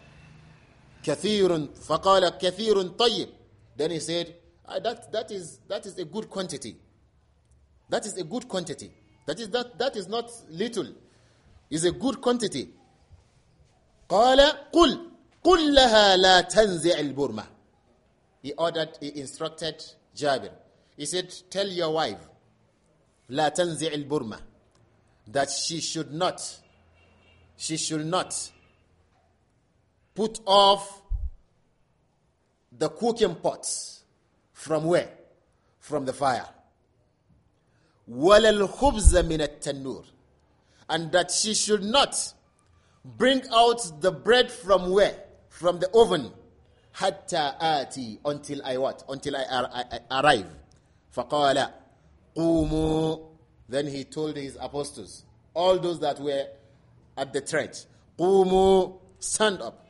كَثِيرٌ فَقَالَ كَثِيرٌ طَيِّبٌ Then he said, ah, that, that, is, that is a good quantity. That is a good quantity. That is, that, that is not little. It's a good quantity. قَالَ قُلْ قُلْ لَهَا لَا تَنْزِعِ الْبُرْمَةِ He ordered, he instructed Jabir. He said, Tell your wife, La tanzi al Burma, that she should not, she should not put off the cooking pots from where? From the fire. Walal khubza min tanur And that she should not bring out the bread from where? From the oven hatta ati until I what? Until I, ar I arrive. فَقَالَ قُومُوا Then he told his apostles, all those that were at the trench, قُومُوا Stand up.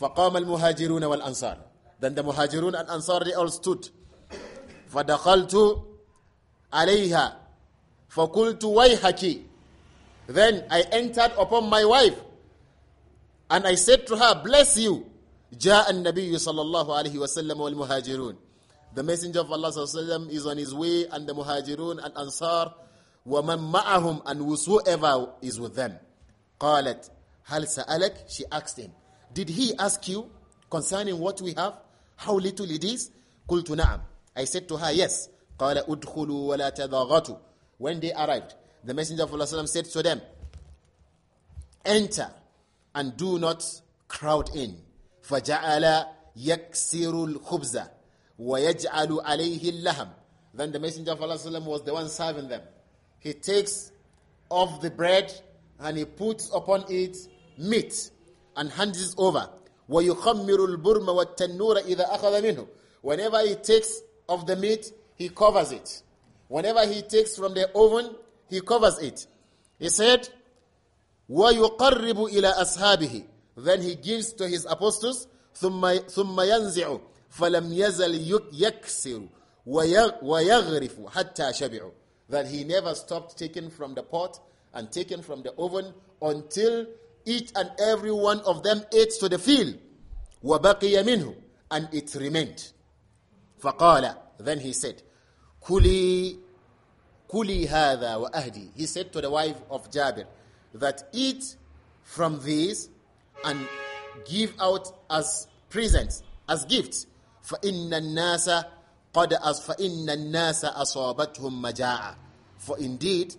فَقَامَ الْمُهَاجِرُونَ وَالْأَنصَارِ Then the Muhajirun and Ansar, they all stood. فَدَخَلْتُ عَلَيْهَا فَقُلْتُ وَيْحَكِ Then I entered upon my wife and I said to her, bless you. جاء النبي صلى الله عليه وسلم والمهاجرون The messenger of Allah وسلم, is on his way and the muhajirun and ansar وَمَنْ مَعَهُمْ and whosoever is with them. قالت هل سألك? She asked him, Did he ask you concerning what we have? How little it is? قلت نعم. I said to her, yes. قال ادخلوا ولا تضاغطوا. When they arrived, the messenger of Allah said to them, Enter and do not crowd in. فجعل يكسر الخبز ويجعل عليه اللحم then the messenger of Allah was the one serving them he takes off the bread and he puts upon it meat and hands it over ويخمر البرم والتنور إذا أخذ منه whenever he takes of the meat he covers it whenever he takes from the oven he covers it he said ويقرب إلى أصحابه then he gives to his apostles, ثم, ينزع فلم يزل يكسر ويغرف حتى That he never stopped taking from the pot and taking from the oven until each and every one of them ate to the fill. وبقي منه and it remained. فقال then he said كلي كلي هذا وأهدي he said to the wife of Jabir that eat from this and give out as presents, as gifts. فَإِنَّ النَّاسَ قَدْ أَصْ فَإِنَّ النَّاسَ أَصَابَتْهُمْ مَجَاعَةً For indeed,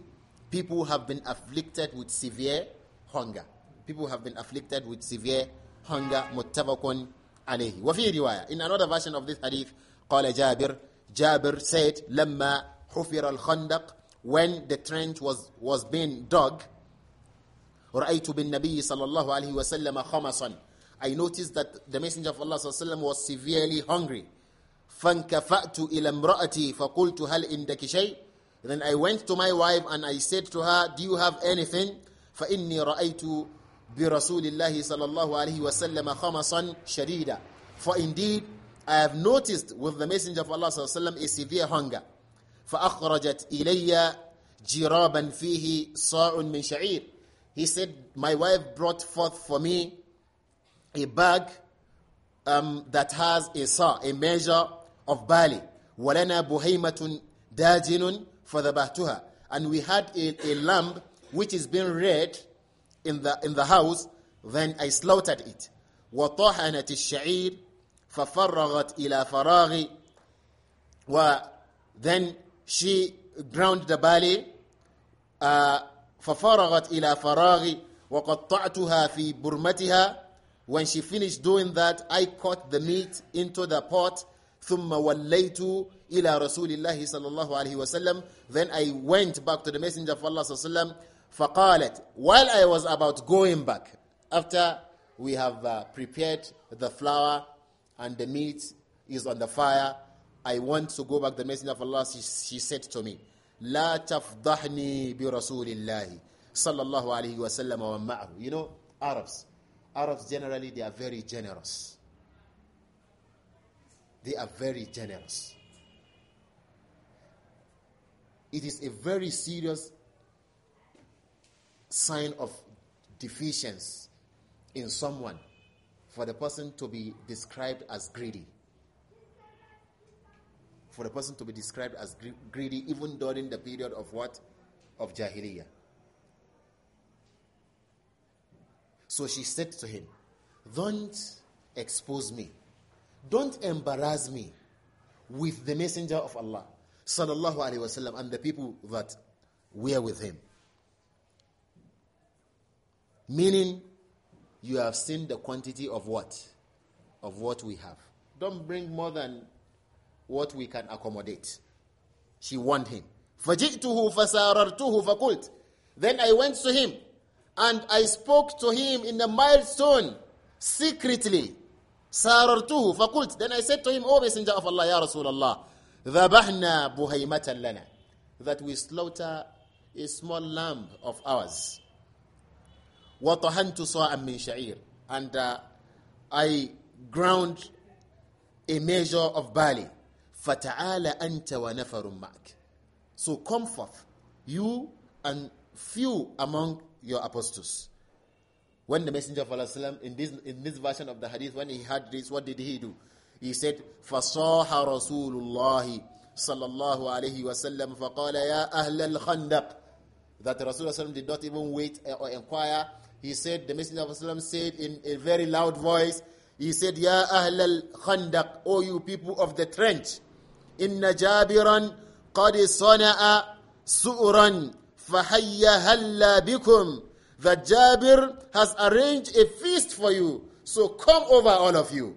people have been afflicted with severe hunger. People have been afflicted with severe hunger. مُتَّفَقٌ عليه وفي رواية in another version of this hadith قال جابر جابر said لما حفر الخندق when the trench was, was being dug رأيت بالنبي صلى الله عليه وسلم خمصا I noticed that the messenger of Allah صلى الله عليه وسلم was severely hungry فانكفأت إلى امرأتي فقلت هل عندك شيء Then I went to my wife and I said to her, Do you have anything? فإني رأيت برسول الله صلى الله عليه وسلم خمصا شديدا. For indeed, I have noticed with the messenger of Allah صلى الله عليه وسلم a severe hunger. فأخرجت إلي جرابا فيه صاع من شعير. He said, My wife brought forth for me a bag um, that has a saw, a measure of barley. وَلَنَا بُهَيْمَةٌ دَاجِنٌ فَذَبَحْتُهَا And we had a, a lamb which is being reared in the, in the house, then I slaughtered it. وَطَحَنَتِ الشَّعِيرِ فَفَرَّغَتْ إِلَى فَرَاغِ Wa, then she ground the barley uh, فَفَرَغَتْ إِلَى وَقَطَّعْتُهَا فِي بُرْمَتِهَا When she finished doing that, I cut the meat into the pot ثُمَّ وَلَّيْتُ إِلَى رَسُولِ اللَّهِ صَلَى اللَّهُ عَلَيْهِ وَسَلَّمَ Then I went back to the Messenger of Allah صلى الله عليه وسلم, While I was about going back, after we have uh, prepared the flour and the meat is on the fire, I want to go back. The Messenger of Allah, she, she said to me, La tafdahni bi Rasulillahi sallallahu alayhi wa sallam wa ma'ahu. You know, Arabs. Arabs generally, they are very generous. They are very generous. It is a very serious sign of deficiency in someone for the person to be described as greedy for a person to be described as greedy even during the period of what? Of Jahiliyyah. So she said to him, Don't expose me. Don't embarrass me with the messenger of Allah, sallallahu alaihi wasallam, and the people that were with him. Meaning, you have seen the quantity of what? Of what we have. Don't bring more than what we can accommodate. She warned him. Then I went to him and I spoke to him in a mild tone, secretly. Then I said to him, O Messenger of Allah, Ya Rasulullah, ذَبَحْنَا بُهَيْمَةً لَنَا That we slaughter a small lamb of ours. وَطَهَنْتُ صَاءً مِّن شَعِيرٍ And uh, I ground a measure of barley. Fata'ala anta wa nafarun ma'ak. So come forth, you and few among your apostles. When the Messenger of Allah in this in this version of the hadith, when he heard this, what did he do? He said, فَصَاحَ رَسُولُ اللَّهِ صلى الله عليه وسلم فقال يا أهل الخندق that Rasulullah did not even wait uh, or inquire. He said, the Messenger of Allah said in a very loud voice, he said, Ya أَهْلَ الْخَنْدَقِ O you people of the trench. إن جابرا قد صنع سؤرا فحي هلا بكم that Jabir has arranged a feast for you so come over all of you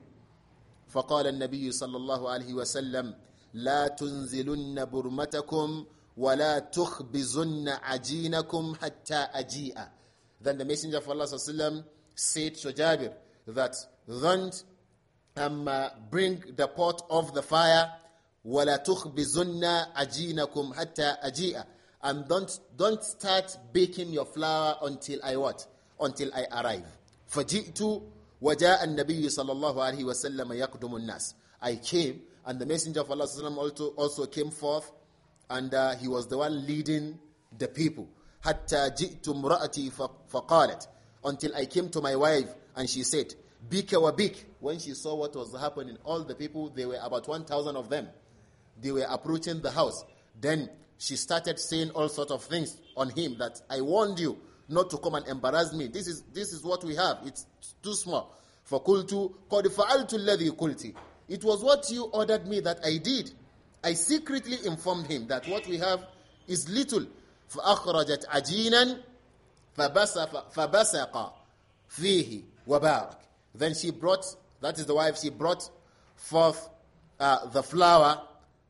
فقال النبي صلى الله عليه وسلم لا تنزلن برمتكم ولا تخبزن عجينكم حتى أجيء Then the Messenger of Allah وسلم, said to Jabir that don't um, uh, bring the pot of the fire wala tukhbizunna ajinakum hatta ajia and don't don't start baking your flour until I what until I arrive faji'tu waja'a an-nabiy sallallahu alaihi wasallam yaqdumu nas I came and the messenger of Allah sallallahu also also came forth and uh, he was the one leading the people hatta ji'tu imra'ati faqalat until I came to my wife and she said bika wa bik when she saw what was happening all the people there were about 1000 of them they were approaching the house. Then she started saying all sorts of things on him that I warned you not to come and embarrass me. This is this is what we have. It's too small. For kultu qad fa'altu kulti. It was what you ordered me that I did. I secretly informed him that what we have is little. فأخرجت عجينا فبسق فيه وبارك. Then she brought, that is the wife, she brought forth uh, the flower.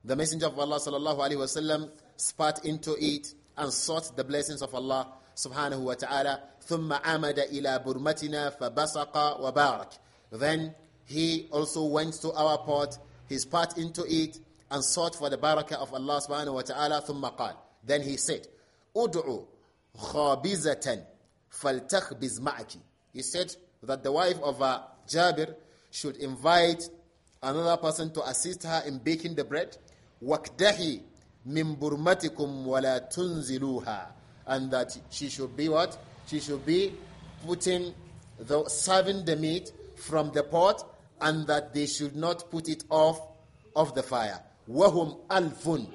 The Messenger of Allah sallallahu alaihi wasallam spat into it and sought the blessings of Allah subhanahu wa ta'ala. ثم عمد إلى برمتنا فبصق وبارك. Then he also went to our pot, he spat into it and sought for the barakah of Allah subhanahu wa ta'ala. ثم قال. Then he said, أدعو خابزة فلتخبز معك. He said that the wife of uh, Jabir should invite another person to assist her in baking the bread Wakdahi min burmatikum wala tunziluha. And that she should be what? She should be putting the serving the meat from the pot and that they should not put it off of the fire. Wahum alfun.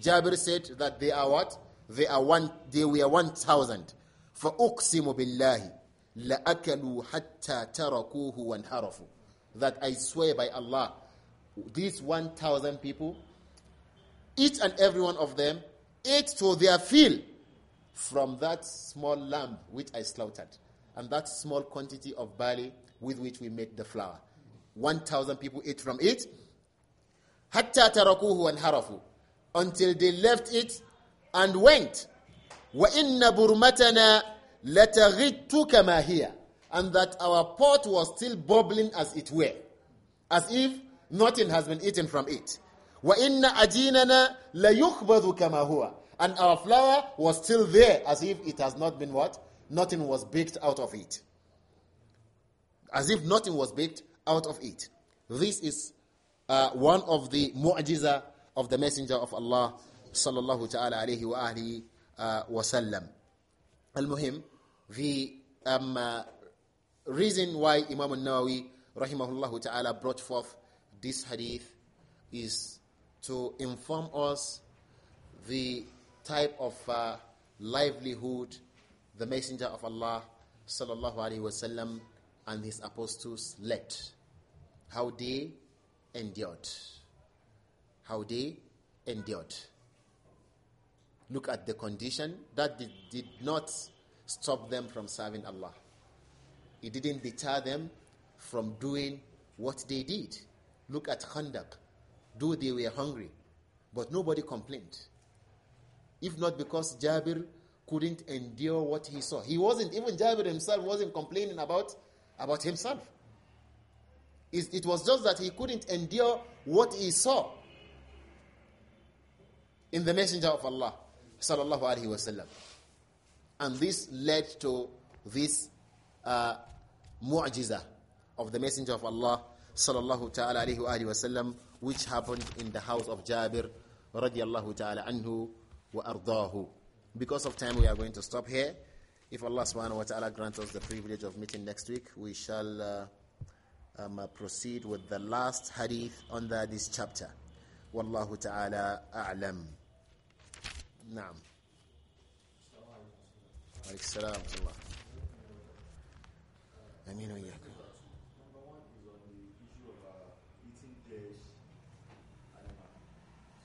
Jabir said that they are what? They are one they were one thousand. فأقسم la akalu hatta tarakuhu وانحرفوا that I swear by Allah these 1000 people each and every one of them ate to their fill from that small lamb which I slaughtered, and that small quantity of barley with which we make the flour. 1,000 people ate from it. Hatta tarakuhu and harafu. Until they left it and went. وَإِنَّ بُرْمَتَنَا لَتَغِتُّ كَمَا here. And that our pot was still bubbling as it were, as if nothing has been eaten from it. وَإِنَّ أَجِينَنَا لَيُخْبَضُ كَمَا هُوَ And our flour was still there as if it has not been what? Nothing was baked out of it. As if nothing was baked out of it. This is uh, one of the mu'ajiza of the Messenger of Allah sallallahu ta'ala alayhi wa alihi uh, wa sallam. Al-Muhim, the um, uh, reason why Imam al-Nawawi rahimahullah ta'ala brought forth this hadith is to inform us the type of uh, livelihood the Messenger of Allah sallallahu alaihi wasallam and his apostles led, how they endured, how they endured. Look at the condition that did, did not stop them from serving Allah. It didn't deter them from doing what they did. Look at conduct though they were hungry. But nobody complained. If not because Jabir couldn't endure what he saw. He wasn't, even Jabir himself wasn't complaining about, about himself. It was just that he couldn't endure what he saw in the Messenger of Allah. Sallallahu Alaihi Wasallam. And this led to this uh, mu'jiza of the Messenger of Allah. Sallallahu Ta'ala Alaihi Wasallam which happened in the house of Jabir radiallahu ta'ala anhu wa ardahu. Because of time, we are going to stop here. If Allah subhanahu wa ta'ala grants us the privilege of meeting next week, we shall uh, um, uh, proceed with the last hadith under this chapter. Wallahu ta'ala a'lam. Naam. salam. wa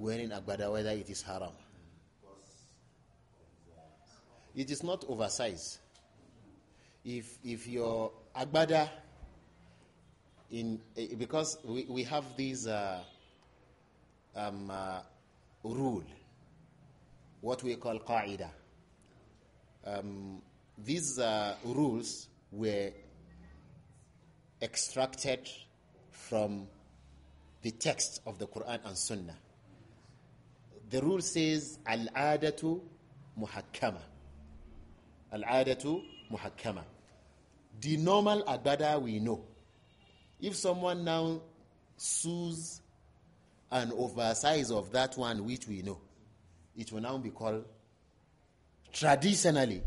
wearing agbada whether it is haram. It is not oversized. If if your agbada in eh, because we, we have these uh, um, uh, rule, what we call qaida. Um, these uh, rules were extracted from the text of the Quran and Sunnah. The rule says al-adatu muhakkama. Al-adatu muhakkama. The normal adada we know. If someone now sues an oversize of that one which we know, it will now be called traditionally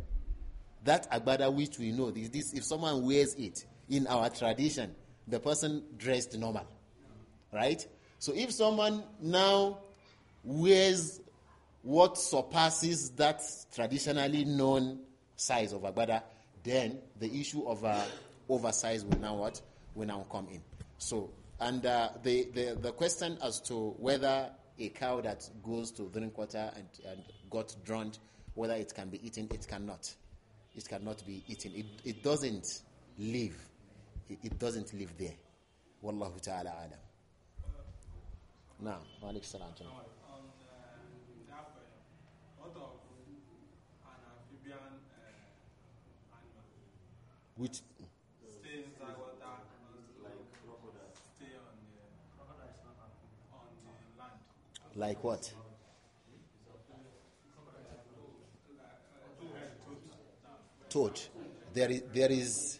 that agbada which we know this, this, if someone wears it in our tradition the person dressed normal right so if someone now wears what surpasses that traditionally known size of agbada, then the issue of uh, oversize will now what will now come in. So, and uh, the, the the question as to whether a cow that goes to drink water and, and got drowned, whether it can be eaten, it cannot. It cannot be eaten. It, it doesn't live. It, it doesn't live there. Wallahu ta'ala alam. Now, wa alaykum Which? Stay inside water. Like crocodile. Stay on the, on the land. Like what? Toad. There is, there is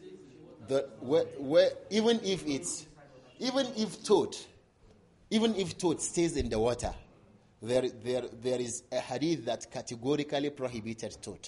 the where, where even if it's even if toad, even if toad stays in the water, there, there, there is a hadith that categorically prohibited toad.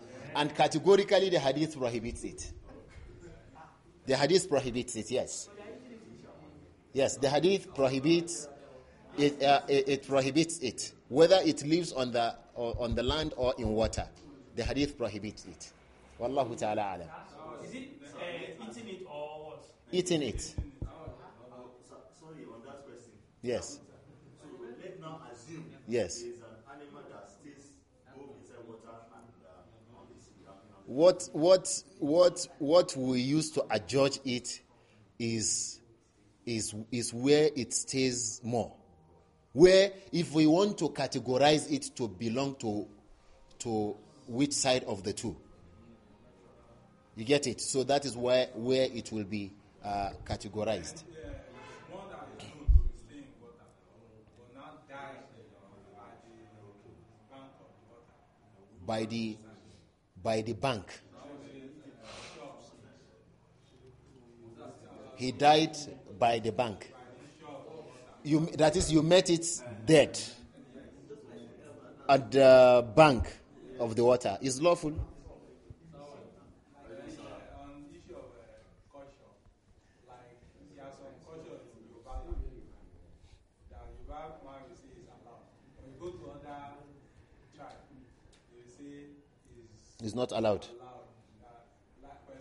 And categorically, the hadith prohibits it. The hadith prohibits it, yes. Yes, the hadith prohibits it, uh, it, it, prohibits it, whether it lives on the, on the land or in water. The hadith prohibits it. Wallahu ta'ala alam. Is it uh, eating it or what? Eating it. Sorry, on that question. Yes. So let now assume. Yes. what what what what we use to adjudge it is is is where it stays more where if we want to categorize it to belong to to which side of the two you get it so that is where where it will be uh, categorized by the by the bank. He died by the bank. You, that is, you met it dead at the bank of the water. Is lawful. It's not allowed. You go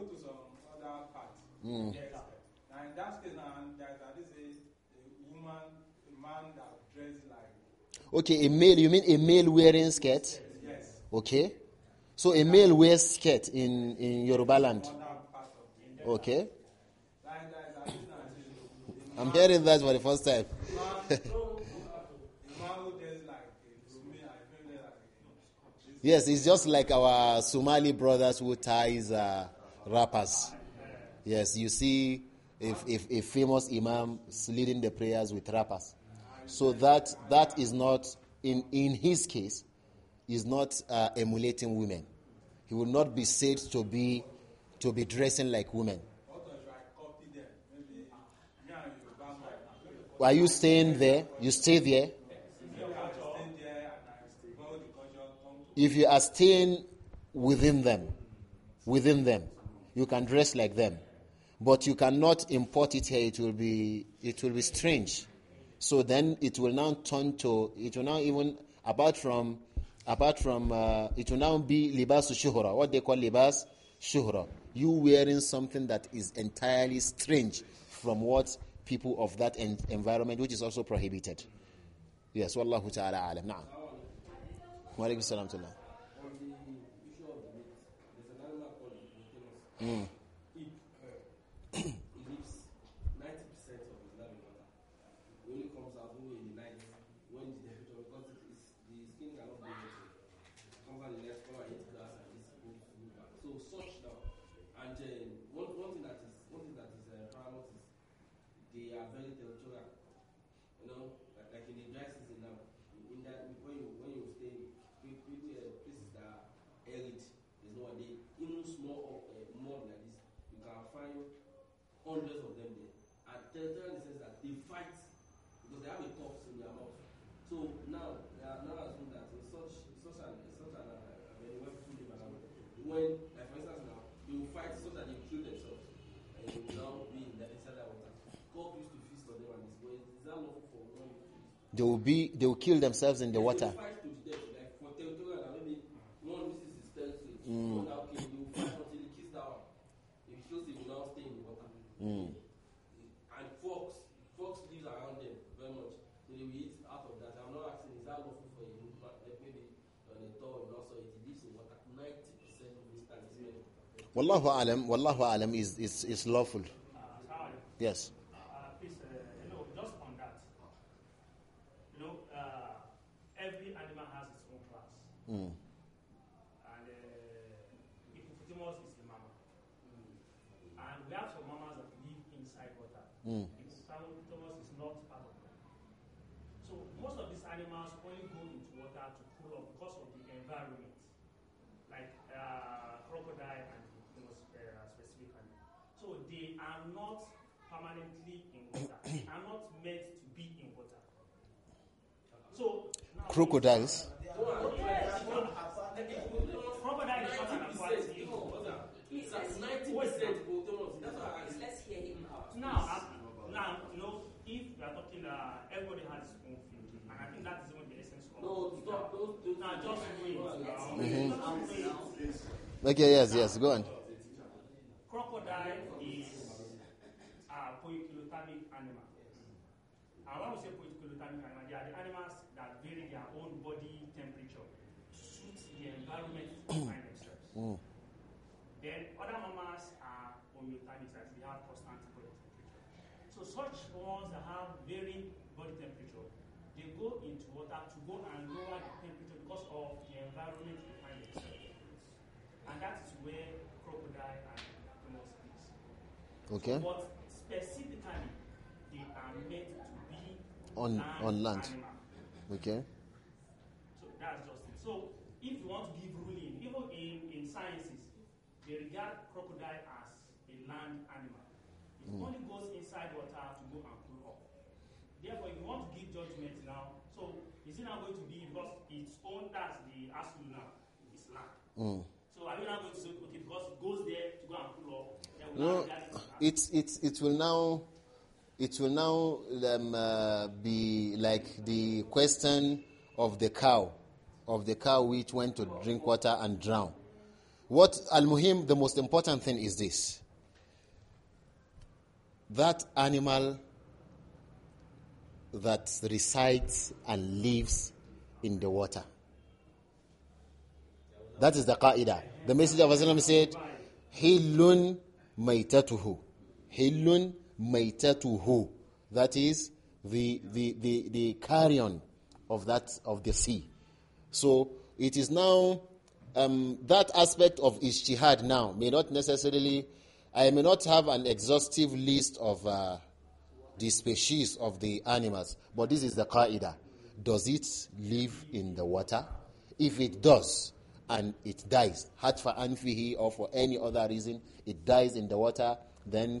to some other mm. yes. Now, in that case, now, a, a woman, a man that dresses like. Okay, a male, you mean a male wearing skirt? Yes. Okay. So a male wears skirt in, in Yoruba land. Okay. I'm hearing that for the first time. yes, it's just like our Somali brothers who ties uh, rappers. Yes, you see if, a famous imam leading the prayers with rappers, So that that is not in in his case is not uh, emulating women. He will not be said to be to be dressing like women. Were you staying there? You stay there? If you are staying within them, within them, you can dress like them. But you cannot import it here, it will be it will be strange. So then it will now turn to it will now even apart from apart from uh, it will now be libas shuhra, what they call libas shuhra. You wearing something that is entirely strange from what people of that en environment, which is also prohibited. Yes, Wallahu ta'ala alam. Na'am. Wa alaykum salam to Allah. Mm. they will be they will kill themselves in the water. Mm. And fox, fox lives around them very much. So they will eat out of that. I'm not asking, is that lawful for you? Like maybe on uh, a thaw and also it lives in water. 90% of this time is Wallahu alam, wallahu alam is, is, is lawful. Uh, yes. And uh, Ipopotamus is the mama. Mm. And we have some mamas that live inside water. Mm. Ipopotamus is not part of them. So most of these animals only go into water to cool off because of the environment, like uh, crocodile and you uh, specifically. So they are not permanently in water, They are not meant to be in water. So now, crocodiles. Okay, yes, yes, go on. Okay. But specifically, they are meant to be on land on land. Okay. So that's just it. So if you want to give ruling, even in, in sciences, they regard crocodile as a land animal. It mm. only goes inside water to go and pull up. Therefore, if you want to give judgment now, so is it not going to be because its own that's the asshole now, it's land. Mm. So are you not going to say, okay, because it goes there to go and pull up, then we no it, it, it will now, it will now um, uh, be like the question of the cow, of the cow which went to drink water and drown. What al-muhim, the most important thing is this. That animal that resides and lives in the water. That is the qaida. The Messenger of Islam said, Hilun maitatuhu hillun maitatuhu. That is the, the, the, the carrion of that of the sea. So it is now um, that aspect of ijtihad now may not necessarily, I may not have an exhaustive list of uh, the species of the animals, but this is the qaida. Does it live in the water? If it does, and it dies, hatfa for anfihi or for any other reason, it dies in the water, then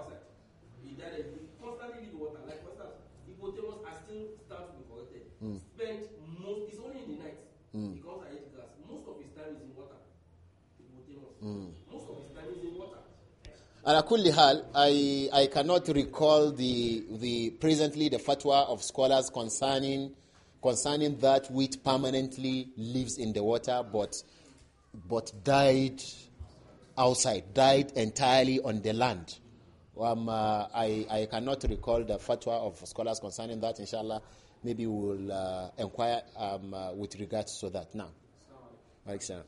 Ala kulli hal, I, I cannot recall the, the presently the fatwa of scholars concerning, concerning that which permanently lives in the water but, but died outside, died entirely on the land. Um, uh, I, I cannot recall the fatwa of scholars concerning that, inshallah. Maybe we'll uh, inquire um, uh, with regards to that now. Excellent.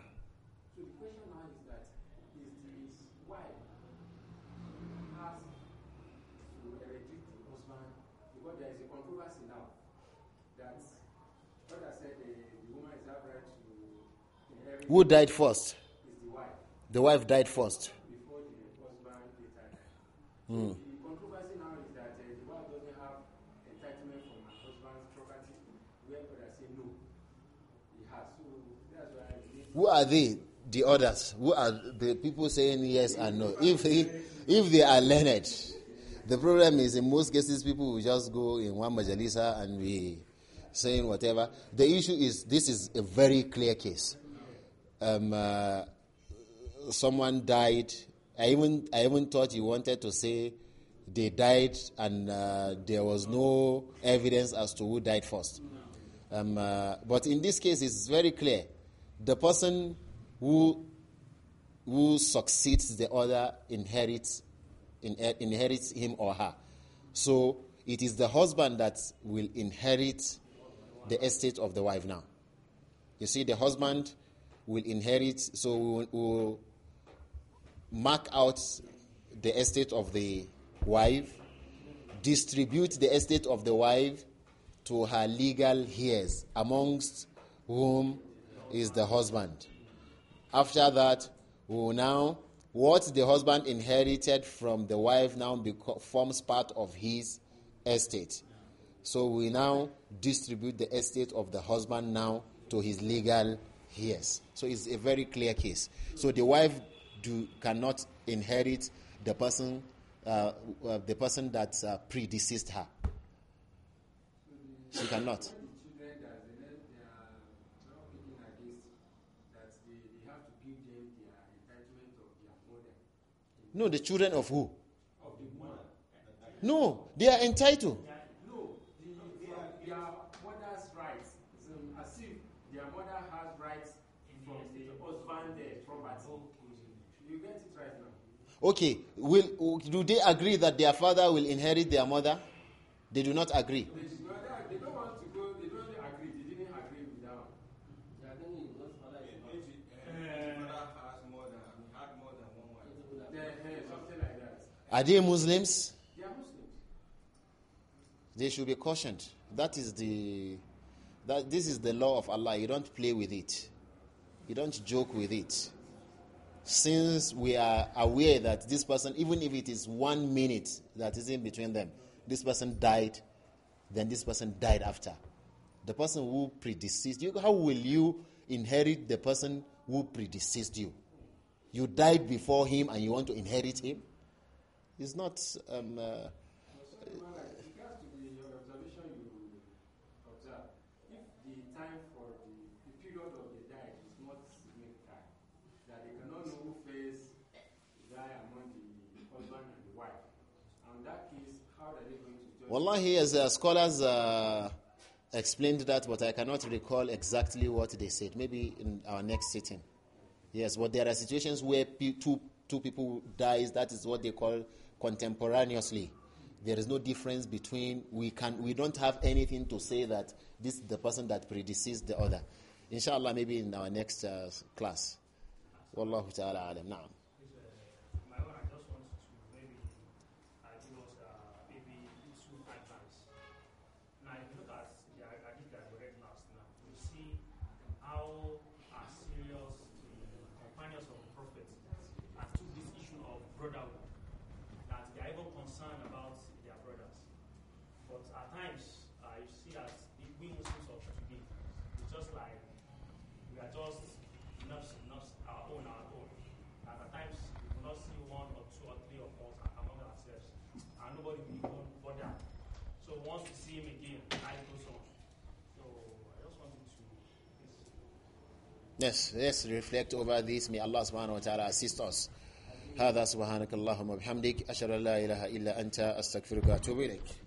Who died first? The wife. the wife. died first. Mm. Who are they? The others. Who are the people saying yes and no? If he, if they are learned, the problem is in most cases people will just go in one majalisa and be saying whatever. The issue is this is a very clear case um, uh, someone died. I even I even thought he wanted to say they died and uh, there was no evidence as to who died first. Um, uh, but in this case, it's very clear. The person who who succeeds the other inherits in, uh, inherits him or her. So it is the husband that will inherit the estate of the wife now. You see, the husband will inherit. So we will mark out the estate of the wife, distribute the estate of the wife to her legal heirs, amongst whom is the husband. After that, we will now what the husband inherited from the wife now beco- forms part of his estate. So we now distribute the estate of the husband now to his legal Yes, So it's a very clear case. So the wife do, cannot inherit the person, uh, uh, the person that uh, predeceased her. She cannot. No, the children of who? Of the no, they are entitled. Okay, will, do they agree that their father will inherit their mother? They do not agree. Are they Muslims? They are Muslims. They should be cautioned. That is the that this is the law of Allah. You don't play with it. You don't joke with it since we are aware that this person, even if it is one minute that is in between them, this person died, then this person died after. The person who predeceased you, how will you inherit the person who predeceased you? You died before him and you want to inherit him? It's not. Um, uh, Wallahi, as uh, scholars uh, explained that, but I cannot recall exactly what they said. Maybe in our next sitting. Yes, but there are situations where two, two people dies. That is what they call contemporaneously. There is no difference between we can we don't have anything to say that this is the person that predeceased the other. Inshallah, maybe in our next uh, class. Wallahu ta'ala alam. Na'am. Yes, let's reflect over this. May Allah subhanahu wa ta'ala assist us. هذا سبحانك اللهم وبحمدك أشهد أن لا إله إلا أنت أستغفرك وأتوب إليك